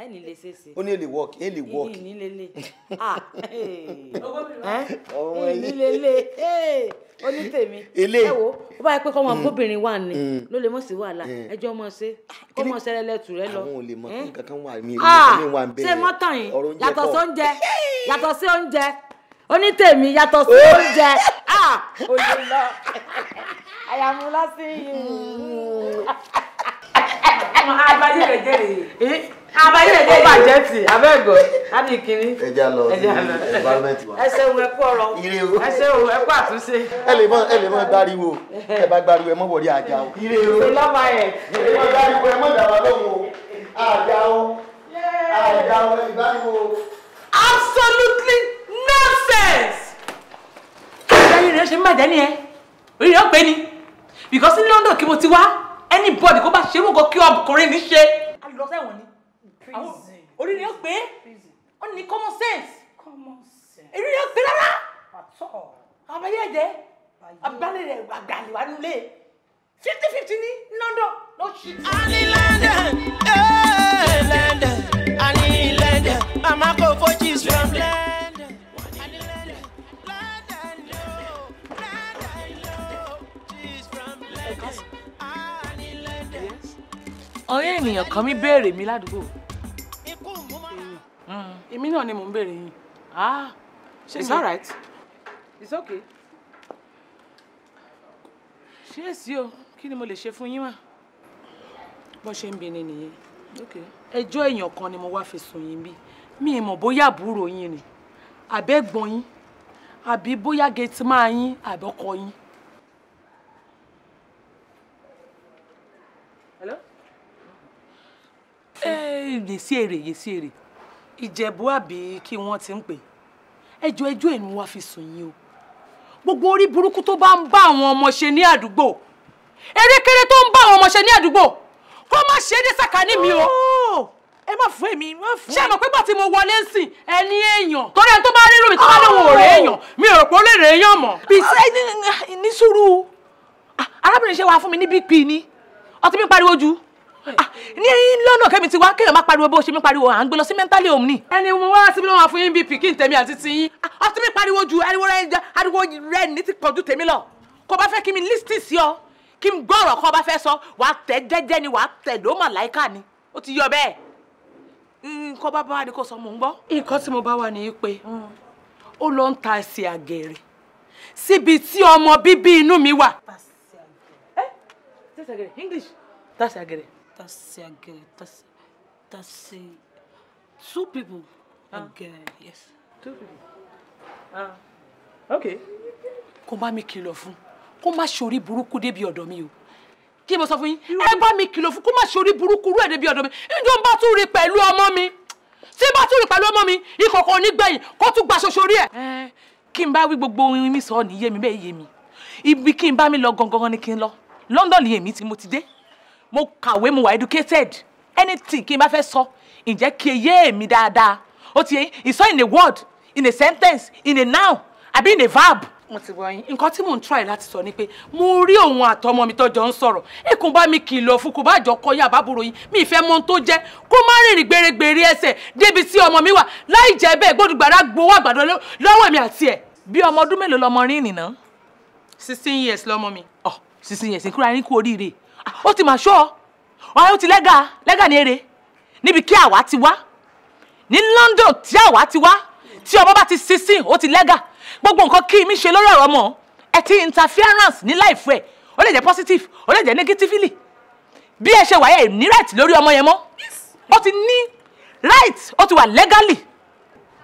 ẹni lè ṣe é ṣe. ó ní èlè wọ́ọ̀kì èlè wọ́ọ̀kì. ìní nílele ìní ah, nílele ó ní tèmi ẹ wo ó bá yẹ pé kọ́mọ kóbìnrin mm. wà ní mm. ló lè mọ̀ sí wàhálà eh. ẹjọ́ mọ̀ ṣe kọ́mọ sẹ́lẹ̀lẹ̀ tù rẹ lọ. àwọn olè mọ eh. nǹkan kan wà mí ìròyìn mi ah, wà ń bẹ̀rẹ̀ ṣé mọ́tàn yìí yàtọ̀ sí oúnjẹ yàtọ̀ sí oh. oúnjẹ onítèmi yàtọ̀ sí oúnjẹ òye lọ àyàmúlá sí yìí abayé rẹ̀ jẹ́rìí. abayé rẹ̀ jẹ́rìí. ó bàjẹ́ tì abẹ́gọ̀ láti kiri. ẹ lọ sí environment wa. ẹ ṣeun ẹ kú ọ̀rọ̀ ẹ ṣeun ẹ kú àtúnṣe. ẹ lè mọ ẹ lè mọ gbariwo ẹ bá gbariwo ẹ mọ wọlé àjà o. ire o ẹ lọ́ba ẹ̀. ẹ mọ gbariwo ẹ mọ dàgbà lóhùn àjà o àjà o ìgbariwo. absolutely nonsense. ìdájọ́ rẹ̀ ṣe ń bàjẹ́ ni ẹ orí rẹ̀ ó ni because ní London kí mo ti wá anybody kó bá ṣe irú nǹkan kí ọkùnrin mi ṣe a lọ sẹ́wọ̀n ni àwọn orí ni ó pé ó ní common sense èrí ni ó pé rárá àbáyé ẹ̀jẹ̀ àbálẹ̀ rẹ̀ àgbàlẹ̀ wà nílé fifty fifty ní London ló ṣí. ani London ee eh, London ani London mama kò fojú. ọ̀rẹ́ ènìyàn kan mi béèrè mi ládùúgbò. Mm. èmi náà ni mò ń béèrè yín. ah it's alright it's okay. ṣé èsì o kí ni mo lè ṣe fún yín wá. bó ṣe ń bi ni nìyẹn ẹjọ́ èèyàn kan ni mo wá fi sùn yín bí mi ì mọ̀ bóyá àbúrò yín ni àbẹ́gbọ́n yín àbí bóyá gẹ̀ẹ́tì máa yín àbọ́kọ yín. yèsí èrè yèsí èrè ìjẹ̀bú àbí kí wọ́n ti ń pè ẹjọ́ ẹjọ́ ẹ̀nu wa fi sùn yín o gbogbo orí burúkú tó bá ń bá àwọn ọmọ ṣe ní àdúgbò erékeré tó ń bá àwọn ọmọ ṣe ní àdúgbò kó má ṣe é dé sàkání mi o ẹ má fún èmi má fún. ṣé ẹ mọ̀ pé bá ti mo wọlé ń sìn ẹni èèyàn. torí ẹni tó bá rírun mi tó bá lóun ò rè èèyàn mi ò rò pé ó lè rè èèyàn mọ́. Ah, ní ẹ̀yin lọ́nà kẹ́mi ti wá kéèyàn má pariwo bó ṣe mi pariwo à ń gbé lọ sí mẹ́ntálì òun ni. ẹni mo wá síbi lọ́wọ́ fún yín bíi pikin tèmi àti tiyín ọtí ah, mi pariwo ju ariwo rẹ ariwo rẹ ní ti pọ̀jù tèmi lọ kó bá fẹ́ kí mi lísítì sí ọ kí n gbọ́ ọ̀rọ̀ kan bá fẹ́ sọ wàá tẹ̀ jẹ́jẹ́ ni wàá tẹ̀ ló mà láìka ni ó ti yọ bẹ́ẹ̀ nǹkan bá bá wa ni kò sọ mò ń gbọ́. nǹkan tí mo bá wà ní í pé mm. ó lọ ń ta ẹsẹ̀ àgẹ̀rẹ̀ síbi tí ọmọ bíbí inú mi wà. tẹ̀sẹ̀ eh, àgẹ̀rẹ̀ English tẹ̀sẹ̀ àgẹ̀rẹ̀ Tassia girl. That's Tassia. Two people. Ah. A girl, yes. Two people. Ah. Okay. Kó bá mi kìlọ̀ fún. Kó má ṣorí burúkú débi ọ̀dọ̀ mi o. Kí mo sọ fún yín? Ẹ bá mi kìlọ̀ fún kó má ṣorí burúkú rẹ̀ débi ọ̀dọ̀ mi. Ǹjọ́ ń bá tún rí pẹ̀lú ọmọ mi. Tí bá tún rí pẹ̀lú ọmọ mi, ìkọ̀kọ̀ onígbẹ̀yìn kó tún gba ṣoṣo rí ẹ̀. Ẹ eh, kí n bá wí gbogbo orin mi sọ ọ́ ní mi bẹ́ẹ̀ yé mi. Ibi kí n bá mi lọ gangan ni kí n lọ. London lèmi tí mo ti dé mo kàwé mo wà educated anything kí n bá fẹ́ sọ ǹjẹ́ kí eyé mi dáadáa ó ti yẹn ìsọ in a word in a sentence in a noun àbí in a verb. mo ti wọ yín nǹkan tí mò ń try láti sọ ni pé mo rí òun àtọmọ mi tọjọ ń sọ̀rọ̀ èkó bá mi kìlọ̀ fún kó bá jọ kọ yá àbábòrò yín mi ìfẹ́ mọ ohun tó jẹ́ kó má rìnrìn gbèrègbèrè ẹsẹ̀ débi tí ọmọ mi wà láì jẹ́ bẹ́ẹ̀ gbódùgbàrà gbowó àgbàdo lọ́wọ́ mi àti ẹ̀ bí ọmọ ọdún mélòó lọmọ rìn nìna sixteen years lọmọ mi ọ oh, sixteen years nkúra yín kú oríire ó ti mà ṣó ọ ọ̀hún ó ti lẹ́gà lẹ́gà ní eré níbi kí àwa ti wá ní London tí àwa ti wá tí ọmọ bá ti sísìn ó ti lẹ́gà gbogbo nǹkan kí mi ṣe lórí ọ̀rọ̀ ọmọ ẹ ti interference ní life ẹ ó lè jẹ́ positive ó lè jẹ́ negatively bí ẹ ṣe wáyé ní right lórí ọmọ yẹn mọ́ ó ti ní right ó ti wà legally.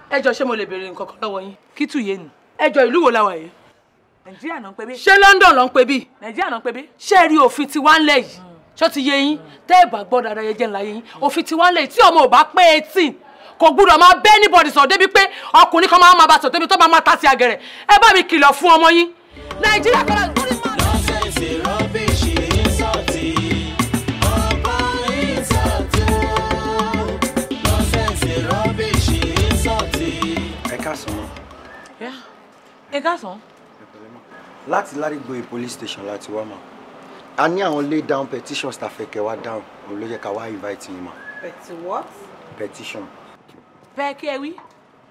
ẹ jọ ṣé mo lè béèrè nǹkan kan lọ́wọ́ yín kí tù yé ni. ẹ jọ ìlú wo la wà yìí nàìjíríà náà ń pè bí. ṣé london ló ń pè bí. nàìjíríà náà ń pè bí. ṣé ẹ rí òfin tiwa ńlẹ̀ yìí hmm. ṣó ti yé yín tẹ́ ẹ̀ bá gbọ́ dáadáa yẹn jẹ́ ńlá yín òfin tiwa ńlẹ̀ yìí tí ọmọ ò bá pé eighteen kò gbúdọ̀ máa bẹ́ anybody sọ̀rọ̀ débi pé ọkùnrin kan máa máa bá sọ̀rọ̀ débi tó máa máa tàsí àgẹ̀rẹ̀ ẹ bá mi kìlọ̀ fún ọmọ yín nàìjíríà kọ́lá gúrí mọ́. lọ́sẹ̀sì rọ́bìṣì ìsọ̀tì ọba ẹ káàsán. ẹ káàsán láti Lárìgbòyè police station láti wá mà a ní àwọn lay down petitions Ta a fẹ́ kẹ́ wá down òun ló yẹ ká wá invite yín mà. pẹ̀tì what. petition. bẹ́ẹ̀ kí ẹ wí.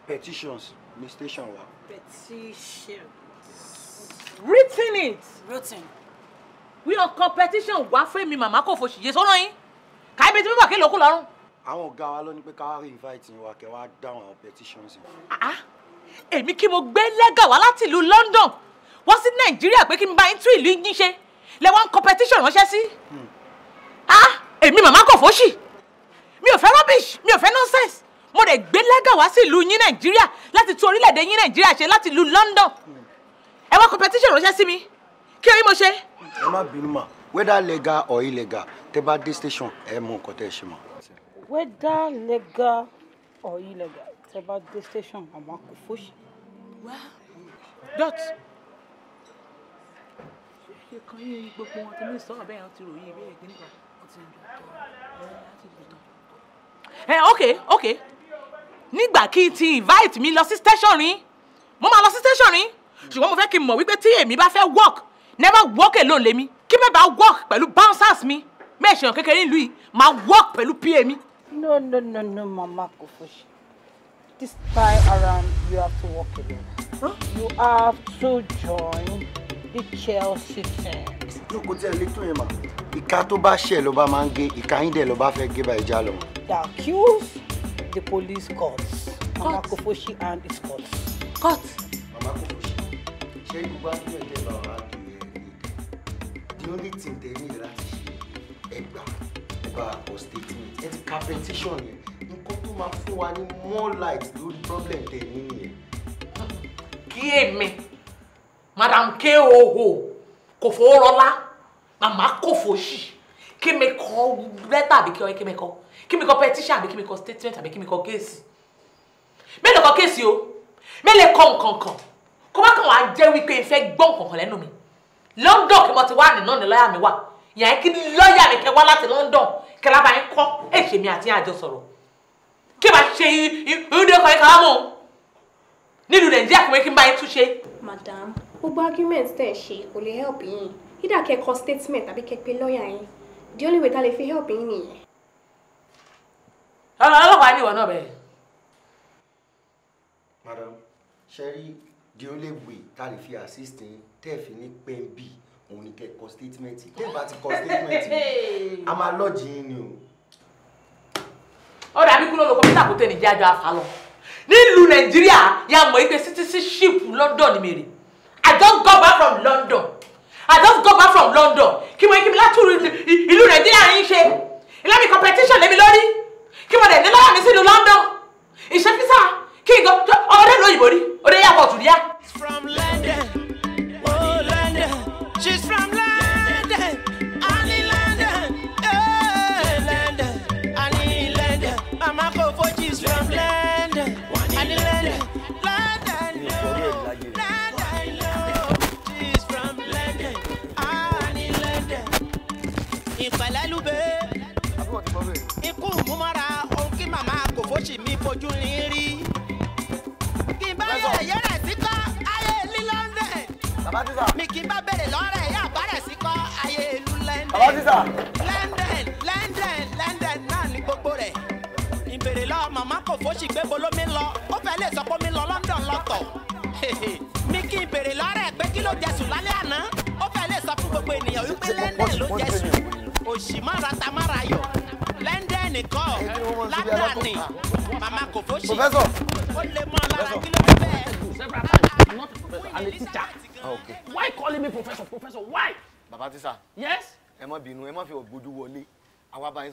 petitions ní station wa. petition written it. written. wí ọkọ petition wá fún mi màmá kò fòṣìyẹ sọ́nà yín káyọ̀bí tí mímọ̀ kí lókù lọ́rùn. àwọn ọ̀gá wa ló ní pé ká wá invite yín wa kẹ́ wá down àwọn petitions yìí. Ah, ah. èmi kí mo gbé lẹ́gà wá láti ìlú London wọ́n sí nàìjíríà pé kí n bá yín tún ìlú yín ṣe lẹ́wọ́n competition ránṣẹ́ sí. ah èmi màmá kò fóṣì mi ò fẹ́ rubbish mi ò fẹ́ nonsense mo dẹ̀ gbé lẹ́gà wá sí ìlú yín nàìjíríà láti tún orílẹ̀-èdè yín nàìjíríà ṣe láti ìlú London ẹ wá competition ránṣẹ́ sí mi kí orí mo ṣe. ẹ má bínú mà whether legal or illegal tẹ bá dé station ẹ mú nǹkan tẹ ẹ ṣe mọ. whether legal or illegal tẹ bá dé station àmọ́ kò fóṣì. dot kan yín gbogbo wọn ti ní sọ̀rọ̀ bẹ́ẹ̀ ti ròyìn bẹ́ẹ̀ gbé nípa ti lò tán wọn ti lò nígbà kí ti invite mi lọ sí station rí mo máa lọ sí station rí ṣùgbọ́n mo fẹ́ kí n mọ̀ wípé tí èmi bá fẹ́ work never work alone lèmi kí mẹ́ẹ̀ bá work pẹ̀lú bouncers mi mẹ́ẹ̀ ṣèyàn kékeré ìlú yìí máa work pẹ̀lú pa mi. no no no no mama kofoshi this time around you have to work alone. Huh? you have to join big Chelsea fan. lóko tí ẹ lè tó yẹn mà ìka tó bá ṣẹ̀ ló bá máa ń gé ìka yín dẹ̀ ló bá fẹ́ gé báyìí já lọ. the accused the police court mama kofoshi and his court. court. mama kofoshi ṣé gbogbo akínyẹ̀ tẹ́ bá wà á dùn yẹn ní the only thing tẹ̀ ní láti ṣe ẹgbà ẹgbà for statement ẹ ti ka petition yẹn nǹkan tó máa fún wa ní more light lórí problem tẹ̀ ní yẹn. kí èmi madam koho kò fowó rọlá màmá kò fòṣì kí mi kọ lẹ́tà àbí kí ọ kí mi kọ kí mi kọ petition àbí kí mi kọ statement àbí kí mi kọ kéèsì mélòó kọ kéèsì o mélòó kọ nǹkan kan kó má kàn wá jẹ́ wípé n fẹ́ gbọ́ nǹkan kan lẹ́nu mi London kí mo ti wá nínú ni lọ́ọ̀yà mi wà yàrá kí lọ́ọ̀yà mi kẹ wá láti London kẹlábà yín kọ́ èṣe mi àti àjọ sọ̀rọ̀ kí n bá ṣe irúdé ọkọ̀ yín kan wá mọ̀ nílùú Nàìjíríà kí n bá yín túnṣe. madam gbogbo argument tẹ̀ ń ṣe kò lè help yín yídà kẹ́kọ̀ọ́ statement tàbí kẹ́pẹ́ lọ́ọ̀yà yín the only way ta lè fi help yín nìyẹn. ọlọ́pàá ní ìwọ náà bẹ́ẹ̀. madam sherry the only way ta lè fi assist yín tẹ́ fi ní pen b òun ni kẹ́kọ̀ọ́ statement tẹ́ bá ti kọ statement a máa lọ́ọ̀jì yín ni o. ọ̀rẹ́ àbíkú ló lo kọ́mítà kó tẹ̀ ní jẹ́ àjọ àfàlọ́ nílùú nàìjíríà ya mọ̀ yí pé citizenship london mèrè I just got back from London. I just got back from London. Kí mo kí mi látúrú ìlú Nàìjíríà yín ṣe? Ìlànà competition lé mi lórí. Kí mo dẹ̀ ní lọ́wọ́ mi sínú London.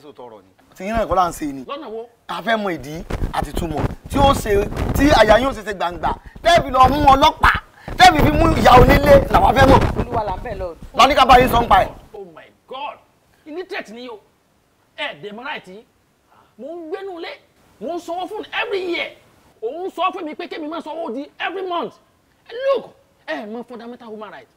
yín ni. ti yín náà kọ́ là ni. lọ́nà wo. a fẹ́ mọ ìdí àti túmọ̀ tí ó ṣe tí àyà yín ó ṣe ṣe gbangba tẹ́ẹ̀bì lọ mú ọlọ́pàá tẹ́ẹ̀bì fi mú ìyá onílé làwa fẹ́ mọ̀. olúwa là ń lọ. lọ́ní ká bá yín sọ ń pa ẹ̀. oh my god illiterate ni o ẹ dẹ̀ mọ́ láìtì mo ń gbénu lé mo ń sanwó fún every year òun sọ fún mi pé kémi máa sanwó di every month look ẹ mọ fundamental human rights.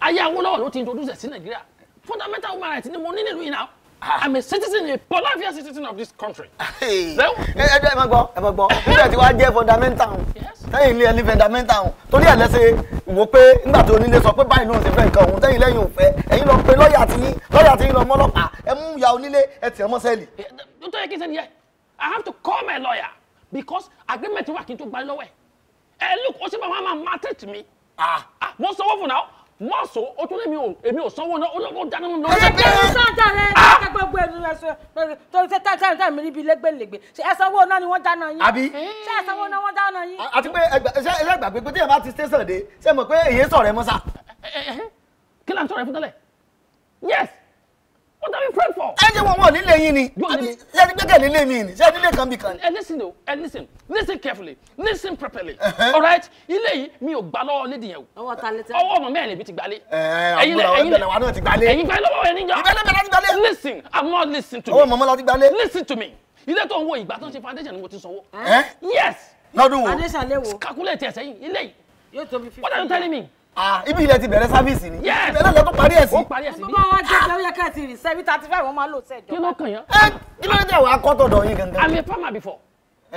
ayé Awólọ́wọ̀ ló ti introduce ẹ̀ sí Nàìjíríà fundamental human rights ni mo ní nílùú yìí náà I'm a citizen, a Bolivia citizen of this country. Hey, jẹ́ ẹ máa gbọ́, ẹ máa gbọ́, nígbà tí wàá jẹ́ fundamental. Tẹ́yìn ilé ẹni fundamental. Torí ẹ̀ lẹ́sẹ̀ wò pé nígbà tí onílé sọ pé báyìí ló ń ṣe fẹ́ nǹkan òun tẹ́yìn lẹ́yìn pay. And you pé lọ́ọ̀yà tí yín lọ́ọ̀yà tí yín lọ mọ́lọ́pàá ẹ mú are onílé ẹ tì ẹ mọ́ sẹ́ẹ̀lì. Tó yẹ kí n I have to call my lawyer because agreement to work into tó lawyer. Hey, look, Ẹ look, ó ṣe máa máa ah, me. Mo sanwó fún náà má so o tún lé mi o èmi ò sanwó náà ó dáná náà. ẹ jẹ́ mi sọ́jà rẹ ẹ ah! gbogbo ẹnu rẹ sọ tó ṣe tá tá tá mi níbi lẹ́gbẹ̀lẹ́gbẹ̀ ṣe ẹ sanwó náà ni wọ́n dáná yín. àbí ṣe ẹ sanwó náà wọ́n dáná yín. àti pé ṣe ẹ gbàgbé pé tí ẹ bá ti tẹsán de ṣe mọ̀ pé èyí sọ̀rọ̀ ẹ mọ́ sá. Eh, eh, eh, kí ló ń sọ̀rọ̀ ẹ fún tẹ́lẹ̀ yes What are you praying for? Ẹ jẹ́ wọn wọn nílé yín ni. Ṣé ẹni gbẹ́gẹ̀ nílé mi ni? Ṣé ẹni nílé kan bí kan ni? And listen o, and listen, listen carefully, listen properly. All right, ilé yìí mi ò gbà lọ́wọ́ lédi yẹn o. Ọwọ́ ta létí. Ọwọ́ ọmọ mẹ́rin mi ti gbalé. Ẹyin ẹyin ẹyin wa náà ti gbalé. Ẹyin gbalé lọ́wọ́ ẹni jọ. Ìgbẹ́lẹ́ mi láti gbalé. Listen, I'm not listening to me. Ọwọ́ mọ̀mọ́ láti gbalé. Listen to me. Ilé tó ń wo ìgbà tó ń ṣe foundation ni mo ti sanwó. Yes. Lọ́dún wo? Foundation lé wo? Calculate ẹ̀sẹ̀ yìí, ilé yìí. What are you telling me? Ah, ibi ilẹ̀ ti bẹ̀rẹ̀ sáfíìsì ni ibẹ̀ náà lẹ tó parí ẹ̀ sí. ó parí ẹ̀ sí bí. bàbá wa jẹ́ jẹ́ oyè kẹ́ẹ̀tì rì sẹ́bi tàti fẹ́ wọ́n máa lò sẹ́jọ́. kí ló kàn yán. ẹ kí ló ń jẹ́ wàá kọ́ tọ̀dọ̀ yín gangan. àmì fámà bìfọ̀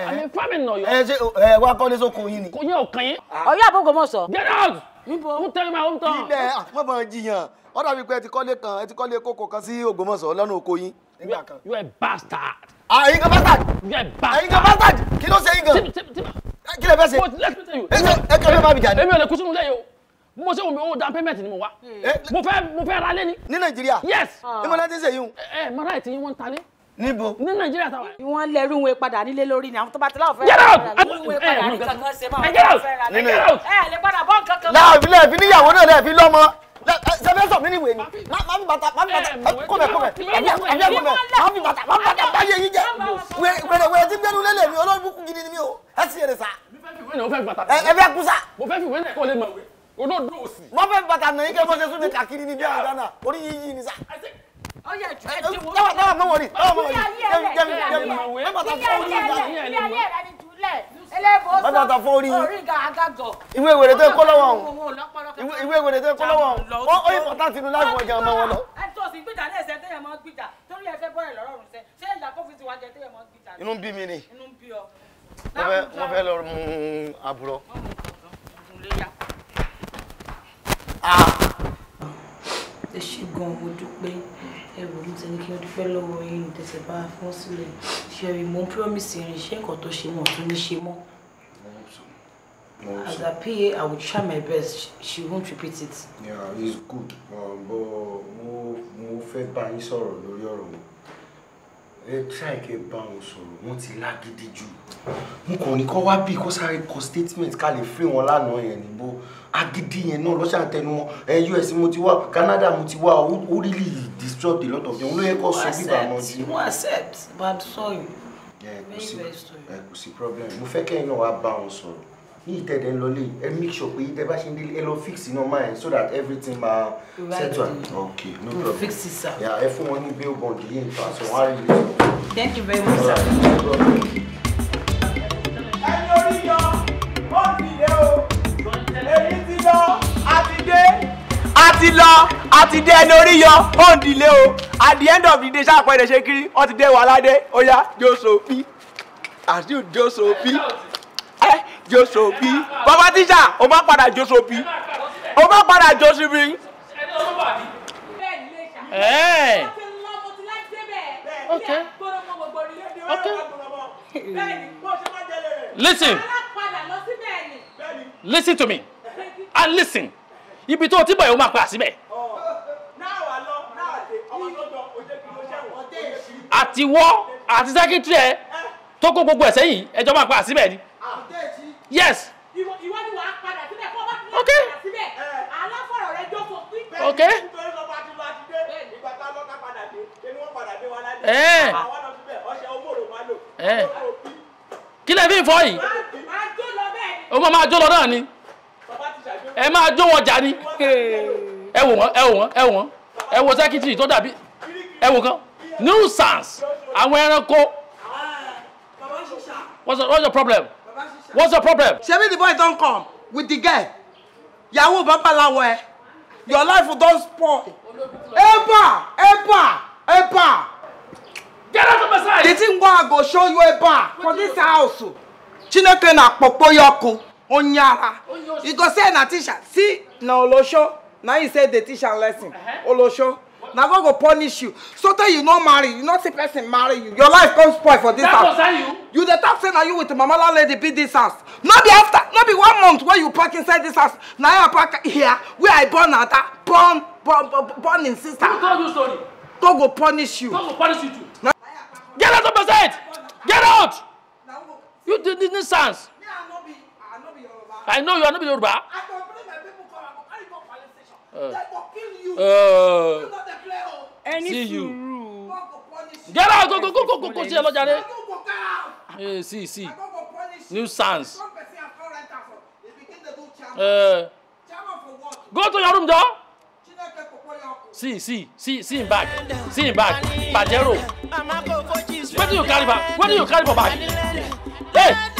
àmì fámì nà yọ. ẹ ṣe ẹ wá kọ́ ní sóko yín ni. kò yẹ ọ̀kan yín. Ah. ọ̀yọ́ àbúgbò mọ̀ sọ. get out. níbo ń tẹ́ ma ń tọ́. ilẹ̀ àpọ̀bọ̀n ah, jiyàn ó dàbí pé ẹ ti kọ́lé kan ẹ ti kọ́lé kókó kan sí Ògbómọ̀ṣọ́ lọ́nà oko yín. you are bastard. àyìn kan bastard. you are bastard. àyìn kan bastard kí ló ṣe yín gan. kí lè fẹ́ ṣe. ẹ kẹ́lẹ́ má bìjà ni. èmi ò lè kú sínú lẹ́yìn o mo ṣe omi owó down payment ni mo wá. Hmm. Eh, mo fẹ́ mo fẹ́ ra lé ni. ní nàìjíríà. yes. ìmọ̀lá ti ń ṣèyí o. ẹ ẹ mọ̀lá ìtì yín wọ́n ń talé. níbo. ní nàìjíríà táwa. wọ́n lẹ́rú wọn padà nílé lórí ni àwọn tó bá ti láwọn fẹ́ ra lórí padà ní eh, kankan ṣe máa wọ́n eh, fẹ́ ra lórí. ẹ lè padà bọ́ nǹkan kan. láàfin lẹ́ẹ̀fin níyàwó náà lẹ́ẹ̀fin lọ́mọ sẹfẹsọ mi ni wèé ni má mi bàtà má mi bàtà kọmẹ kọmẹ àbí àbí kọmẹ má mi bàtà má mi bàtà báyé yín jẹ wẹrẹ wẹrẹ ti gbẹnu lélẹ mi olórí bukú gidi ni mi o ẹ sì yẹrẹ sa ẹ bẹ kú sa. mo fẹ́ fi wẹ́lẹ̀ kọ́ lé ma wẹ̀ olóòdó òsì. mo fẹ́ bàtà nà yín kí mo ṣe súnmi kàkiri ní bí àwọn gánà orí yín yí ni sá. ọyẹ ẹ ti wọ́n. dáwà dáwà mọ̀ wọ̀nyí dáwà mọ̀ wọ̀nyí jẹ́mi jẹ́mi jẹ́mi mọ̀ bàtà fọ́ orí yín gà. mọ̀ bàtà fọ́ orí yín. ìwé ìwèrè tó kọ́ lọ́wọ́ ọ̀hún ìwé ìwèrè tó kọ́ lọ́wọ́ ọ̀hún ó ìpọ̀tà sínú láàbù ọjà ọmọ wọn lọ. ẹ tó sì gbìjà ní ẹsẹ̀ tẹ́yẹ̀ mọ́ gbìjà torí ẹ fẹ́ bọ́ọ̀rẹ̀ lọ́rọ̀ rùn sẹ́ ṣé ìyá kófin ti wá jẹ tẹ́yẹ̀ mọ́ gbìjà. inú ń bí mi ni. inú ń bí ọ. wọ́n fẹ́ lọ mú àbúrò. wọ́n mú nǹkan kan kùn lé yá. Ah. ẹ ṣe gan mo dúpẹ́ ẹrù mi ti ní kí n dúpẹ́ lọ́wọ́ yín tẹ̀sẹ̀ bá fún sílẹ̀ ṣe rí mo ń promise irin iṣẹ́ nǹkan tó ṣe mọ̀ tó ní ṣe mọ́. As a PA, I would try my best. She won't repeat it. Yeah, it's good. Um, Bọ́ mo mo fẹ́ bá yín sọ̀rọ̀ lórí ọ̀rọ̀ wọn. Ẹ try kẹ́ bá wọn sọ̀rọ̀, wọ́n ti lágídí jù. N kò ní kọ́ wá bí kó sáré kọ statement ká lè free wọn lánàá yẹn níbo agídí yẹn náà lọ́sẹ̀ àtẹnumọ́ ẹ US mo ti wá Canada mo ti wá ó really disrupt a lot of them ló yẹ sọ bíbá mọ́ sí. mo accept but sorry. ẹ kò sí ẹ kò sí problem mo fẹ́ kẹ́yìn náà wá bá wọn sọ̀rọ̀ ní ìtẹ̀dẹ̀ ń lọlé ẹ make sure pé ìtẹ̀ bá ṣe ń délé ẹ lọ fix iná máa ẹ̀ so that everything ma settle am. ok no problem fix it sir. ẹ fún wọn ní bail bond yìí nǹkan àti wọn á rí i. thank you very much sir. ti lọ a ti dé ẹni orí yọ ó ń dilé o at the end of the day ṣàpẹẹrẹ ṣe kiri wọn ti dé wàhálà dé ó yá jóso bí àti jóso bí ẹ jóso bí bàbá tíṣà o má padà jóso bí o má padà jóso bí. ẹ okay okay listen listen to me and ah, listen ibi tó ti bọ̀ yẹn ó máa pa síbẹ̀. àtiwọ́ àti sẹ́kítírì ẹ tó kó gbogbo ẹ̀ sẹ́yìn ẹjọ́ máa pa síbẹ̀ ni. yes. ìwọ ni wàá padà síbẹ̀ kó o bá tún lọ padà síbẹ̀ aláfọ̀rọ̀ rẹ jókòó pípẹ́ nítorí ọba tí wọ́n ti dé ìgbà tá a lọ́ka padà dé ẹni wọ́n padà dé wa ládé àwọn ọ̀nà síbẹ̀ ọ̀ṣẹ́ owó rò lò kí lè fi fọ yìí. ó máa jó lọ náà ni ẹ máa jó wọn jà ni ẹ wò wọn ẹ wò wọn ẹ wò wọn ẹ wò sẹ́kítì tó dàbí ẹ wò kan nuisance àwọn ẹranko what's your, what's your problem what's your problem. shebi the boy don come with the girl yahoo babalawo ẹ your life don spoil eba eba eba. get out of my sight. the thing wey i go show you eba for this house chineke na popo yoku onyara you go say na teacher see na olosho na you say the teacher lesson uh-huh. olosho na god go punish you sotey you no marry you no see person marry you your life come spoil for this house you dey talk say na you with mama lady build this house no be after no be one month wey you park inside this house na i park here where i born ada born born born im sister who told you story god go punish you god go punish you too get out of my sight. get out you do this nonsense I know you are not be Yoruba. I complain and people come and carry go police station. Uh, they go kill you. Uh, you not dey play oh. Any See you. Get out go go go go go go see Eloja re. Eh see see. God Nuisance. Oh. Uh, Go to your room door. See, see, see, see him back. See him back. Pajero. Where do you carry back? Where do you carry for back? Hey!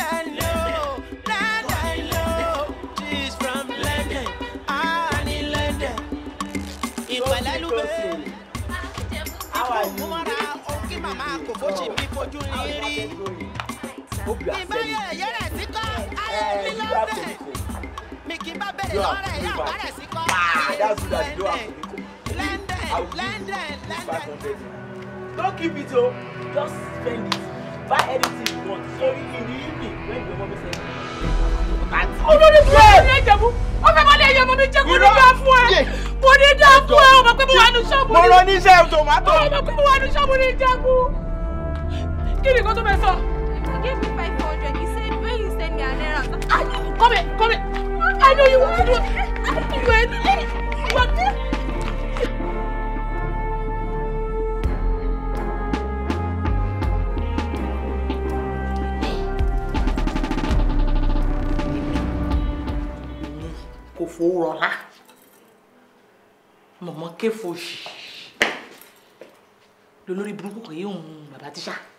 bó ṣe mi fojú rí rí ìbáyọ̀ ẹ̀yẹ́ sí kọ́ ayé mi lọ́bẹ̀ mi kì í bá bèrè lọ́rẹ̀ ẹ̀yà ọ̀gá sí kọ́ ah, lẹ́ndẹ̀ lẹ́ndẹ̀ lẹ́ndẹ̀. don't keep it o oh. just spend it buy anything you want so in the evening when your mama say. Oh, olórí fún ẹ ní ìjẹ̀bú ó fẹ́ bá lè yẹ ọmọ mi jẹ́ kó ní bá fún ẹ mo ní dá fún ẹ ọmọ pé mo wà ní ṣọ́ọ̀bù ní. mo rọ níṣẹ́ tòmátò. ọmọ pé mo wà ní ṣọ́ọ̀bù ní ìjẹ̀bú. Give me, go to my sọ. he gave me five hundred he said when he send me an errand. Ah, come here come here I know you want to do it. You are anything. What? kò What? rọlá mọ̀mọ́ kéfò ṣì lólórí burúkú kan yìí òun bàbá tíṣà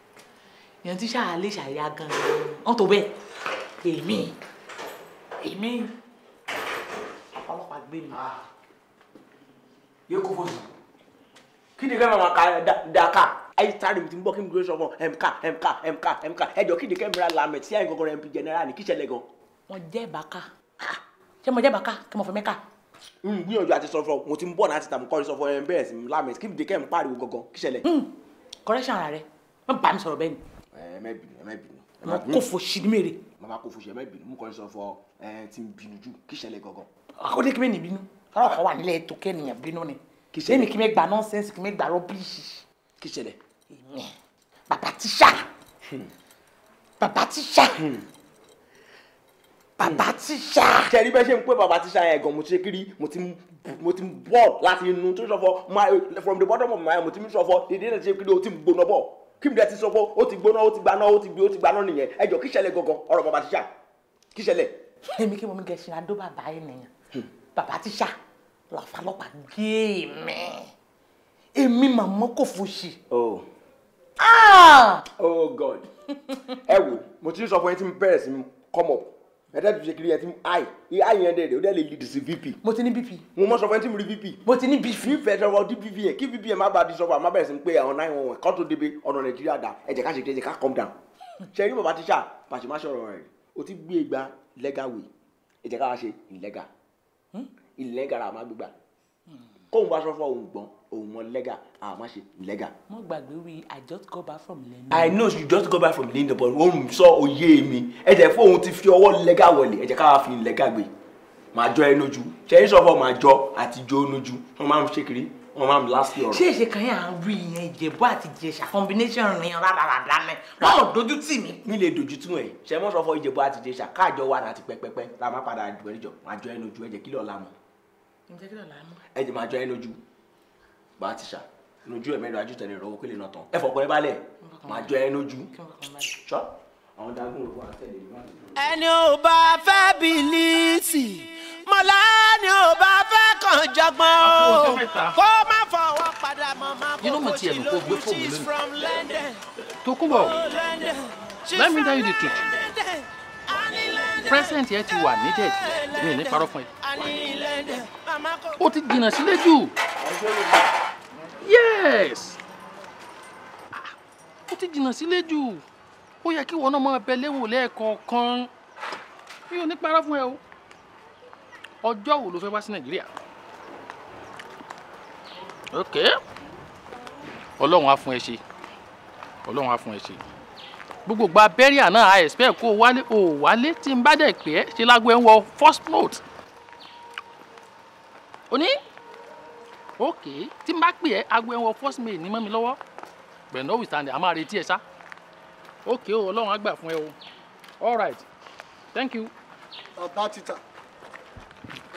èèyàn tí ṣáà lè ṣàyà gan-an wọ́n tó bẹ́ẹ̀ èmi èmi ọlọ́pàá gbé ah. mi. yé kó fòsì kí ni kẹ́mi àwọn ká dáká ayé sáré mi ti ń bọ́ kí mi dúró sọ fún ẹ̀mká ẹ̀mká ẹ̀mká ẹ̀mká ẹ̀jọ̀ kí ni kẹ́mi ra làmẹ̀ sí àyìn gọ́gọ́rọ̀ MP general ní kí ṣẹlẹ̀ gan. wọ́n jẹ́ ìbáká ṣé mo jẹ́ ìbáká kí mo fẹ́ mẹ́ka. n gbìyànjú àti sọ fún ọ mo ti ń bọ̀ láti tàbí kọ́ sọ fún ẹ bẹ́ẹ̀ sí làmẹ̀ kí ni kẹ́mi pariwo gangan kí ṣẹlẹ̀. Hmm. correction ara rẹ wọ́n bá mi sọ̀rọ̀ bẹ́ẹ̀ ni Eh, ẹ mẹ bínú ẹ mẹ bínú. mo kò fò sinimere. mama kò fò sinimere ẹ mẹ bínú mo kàn sọ fọ ẹ ti bínú jù kí ṣẹlẹ̀ gangan. àkọ́dé ah, kí mi nì bínú ọ̀rọ̀ kan wà nílẹ̀ tó kẹ́niyàn bínú ni kí ṣẹlẹ̀ ẹni kí mi gba nọ́ọ̀sẹ̀nsì kí mi gba rọ́bìṣì. kí ṣẹlẹ̀. bàbá tíṣà hmm. bàbá tíṣà hmm. bàbá hmm. tíṣà. kẹrí bẹ́ẹ̀ ṣe ń pé bàbá tíṣà yẹn gan mo ti ṣe kiri mo ti mo ti bọ̀ láti inú tó ṣọ̀fọ̀ from the bottom of my heart mo ti ṣọ̀fọ̀ ìdí náà ti ṣe kiri o ti gbóná bọ̀ kí mi dẹ ti sọ pé ó ti gbóná ó ti gbaná ó ti gbé ó ti gbaná nìyẹn ẹ jọ kí ṣẹlẹ̀ gangan ọ̀rọ̀ bàbá tíṣà kí ṣẹlẹ̀. èmi kí mo mi gẹ̀ ṣe adó bàbá yìí nìyẹn hmm. bàbá tíṣà làfa lọ́pàá gé mi èmi màmá kò fòṣì. oh, ah! oh god ẹ wo mo ti sọ fún yín tí mo bẹ̀rẹ̀ sí come up ẹ̀dá tó ṣe kiri yẹn ti mu i i yẹn dẹ̀ dẹ̀ o dẹ̀ lè lead sí vp. mo ti ní vp. mo mọ sọ fún ẹ tí mo rí vp. mo ti ní vp. fífẹ́ sọ̀rọ̀ di vp yẹn kí vp yẹn má bàa di sọ̀rọ̀ àmọ́ bẹ̀rẹ̀ sí ń pé àwọn náà ìwọ̀n kọ́ tó ọ̀nà nàìjíríà dà ẹ ká ṣe kí ẹ ká calm down. ṣe rí bàbá tíṣà pàṣẹ má sọ̀rọ̀ rẹ̀ o ti gbé igba legal way ẹ jẹ́ ká wá ṣe ìlẹ́gà hmm? ìlẹ́gà òun mọ lẹ́gà àwọn máa ṣe lẹ́gà. mo gbàgbé wí i just go back from London. i know you just go back from London but òun sọ òye mi ẹ jẹ́ fún òun ti fi ọwọ́ lẹ́gà wọlé ẹ jẹ́ káwa fi lẹ́gà gbé màá jọ ẹnu ju ṣẹ́yìn sọ̀fọ̀ màá jọ àti jọ ẹnu ju wọ́n máa ń ṣe kiri wọ́n máa ń lásì ọ̀rọ̀. ṣé èṣe kan yẹn à ń rí ìyẹn ìjẹ̀bú àti ìjẹ̀ṣà combination rìn rádaràdá mẹ́ wọn ò dojú tì mí. mi lè dojú tì ẹ ṣe mọ́ sọ̀fọ̀ ìjẹ̀bú àti ìjẹ̀ṣà káàjọ wà láti pẹ́pẹ́pẹ́ la máa padà dùn ẹ̀jọ̀ màá jọ ẹnu ju ẹ̀jẹ̀ kílọ̀ lánàá. ẹ jẹ́ máa jọ ẹnu ju bá a ti ṣà lójú ẹ̀ mẹ́rin ajú tẹ̀lé ìrọ̀wọ́ kílè náà tán ẹ fọkàn ẹ balẹ̀ màá jọ ẹ lójú ṣọ́ àwọn dagun ló wà ẹni ò bá fẹ́ bìlíìsì mọ̀lá ni ò bá fẹ́ kàn jọgbọ́n o kó má fọwọ́ padà mọ́ má kó kó sí lójú she's from London. Tókunbọ̀ let me tell you the truth president yẹn ti wà needed mi ní parọ́ fún ẹ ó ti jìnnà sílé jù yes ah, ó ti jìnnà sílé jù ó yẹ kí ìwọ náà máa bẹ léwò lẹ́ẹ̀kọ̀ọ̀kan mi ò ní parọ́ fún ẹ o ọjọ́ wo ló fẹ́ wá sí nàìjíríà ok ọlọ́run á fún ẹ ṣe ọlọ́run á fún ẹ ṣe gbogbo gba bẹ́ríà náà i expect kó o wálé o wálé tí n bá dẹ̀ pé ṣe lágbo ẹ̀ ń wọ first note oní ok tí n bá pè ẹ́ aago ẹ̀wọ̀n first mail ní mọ́ mi lọ́wọ́ pẹ̀lú notwithstanding a máa retí ẹ ṣá ok o ọlọ́run á gbà fún ẹ o all right thank you. bàbá títà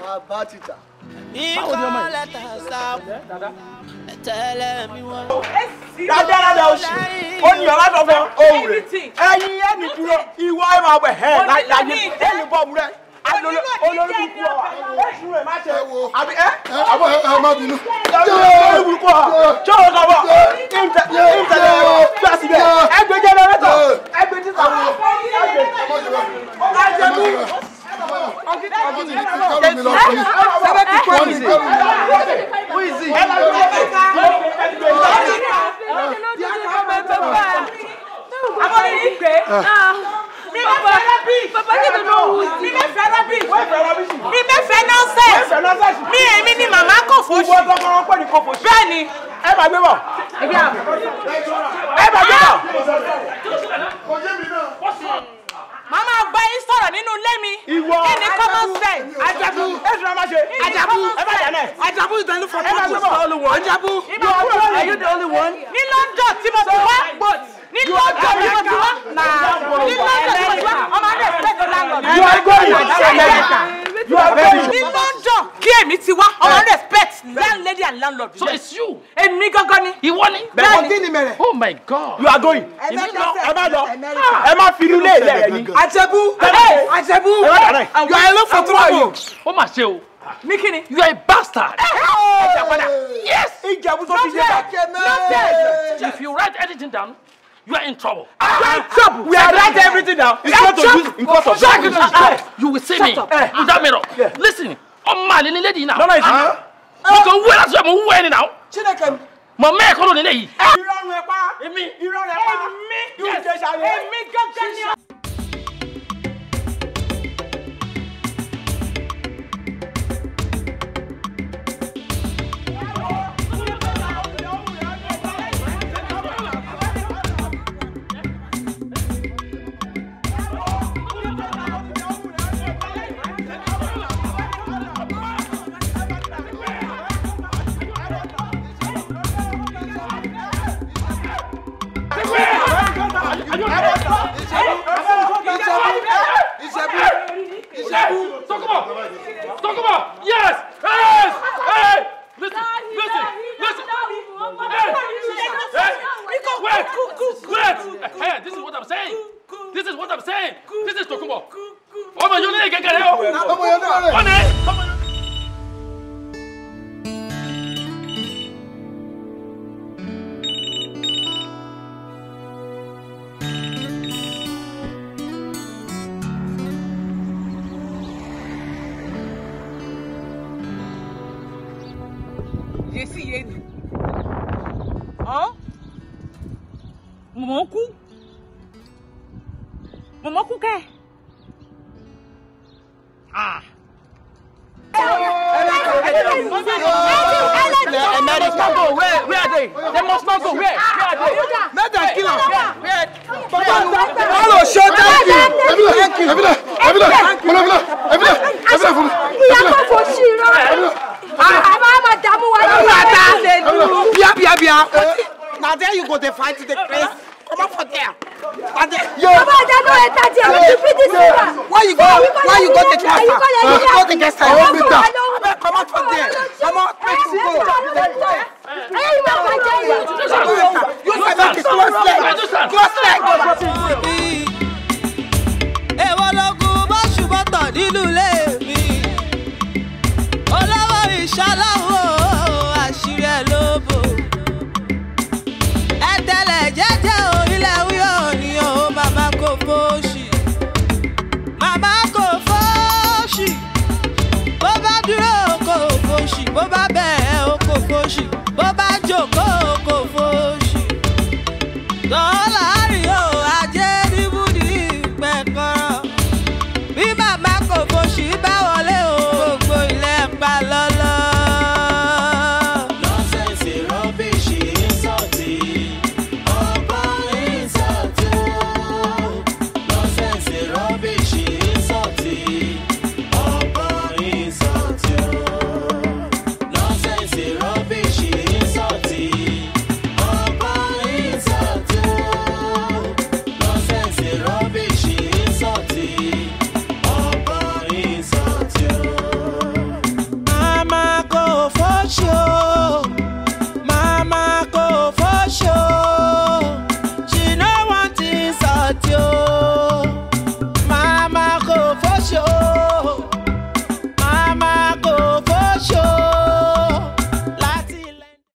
bàbá títà. ikọ́ lẹ́tà sáà tẹ́lẹ̀ mi wọ́n. dáadáa oṣù ó ní ọ̀rá tó fẹ́ ohun rẹ̀ ẹ̀yin ẹ̀mí dúró ìwọ ẹ̀ máa wẹ̀ ẹ̀ láyé ẹ̀ ní bọ́ọ̀mù rẹ̀ olórí kú ọ Ah. máa gbé bọ̀. you are going èmi lọ ẹ má lọ ẹ má fi inú lé ilẹ̀ yìí. àjẹbú àjẹbú you are alone for trouble. ó mà ṣe o you are a bastard. yes. if you write anything down you are in trouble. Ah! you are in ah! trouble. We have writing everything down. In front of you. In front of you. Ah! You will see me in that mirror. Listen, ọmọ àlè ni lady now. náà. Lọ́nà ìsìn. Mo kàn where láti ṣe mo wúwo ẹni náà. Chineke. Mọ̀ mẹ́ẹ̀kọ́ ló nílé yìí.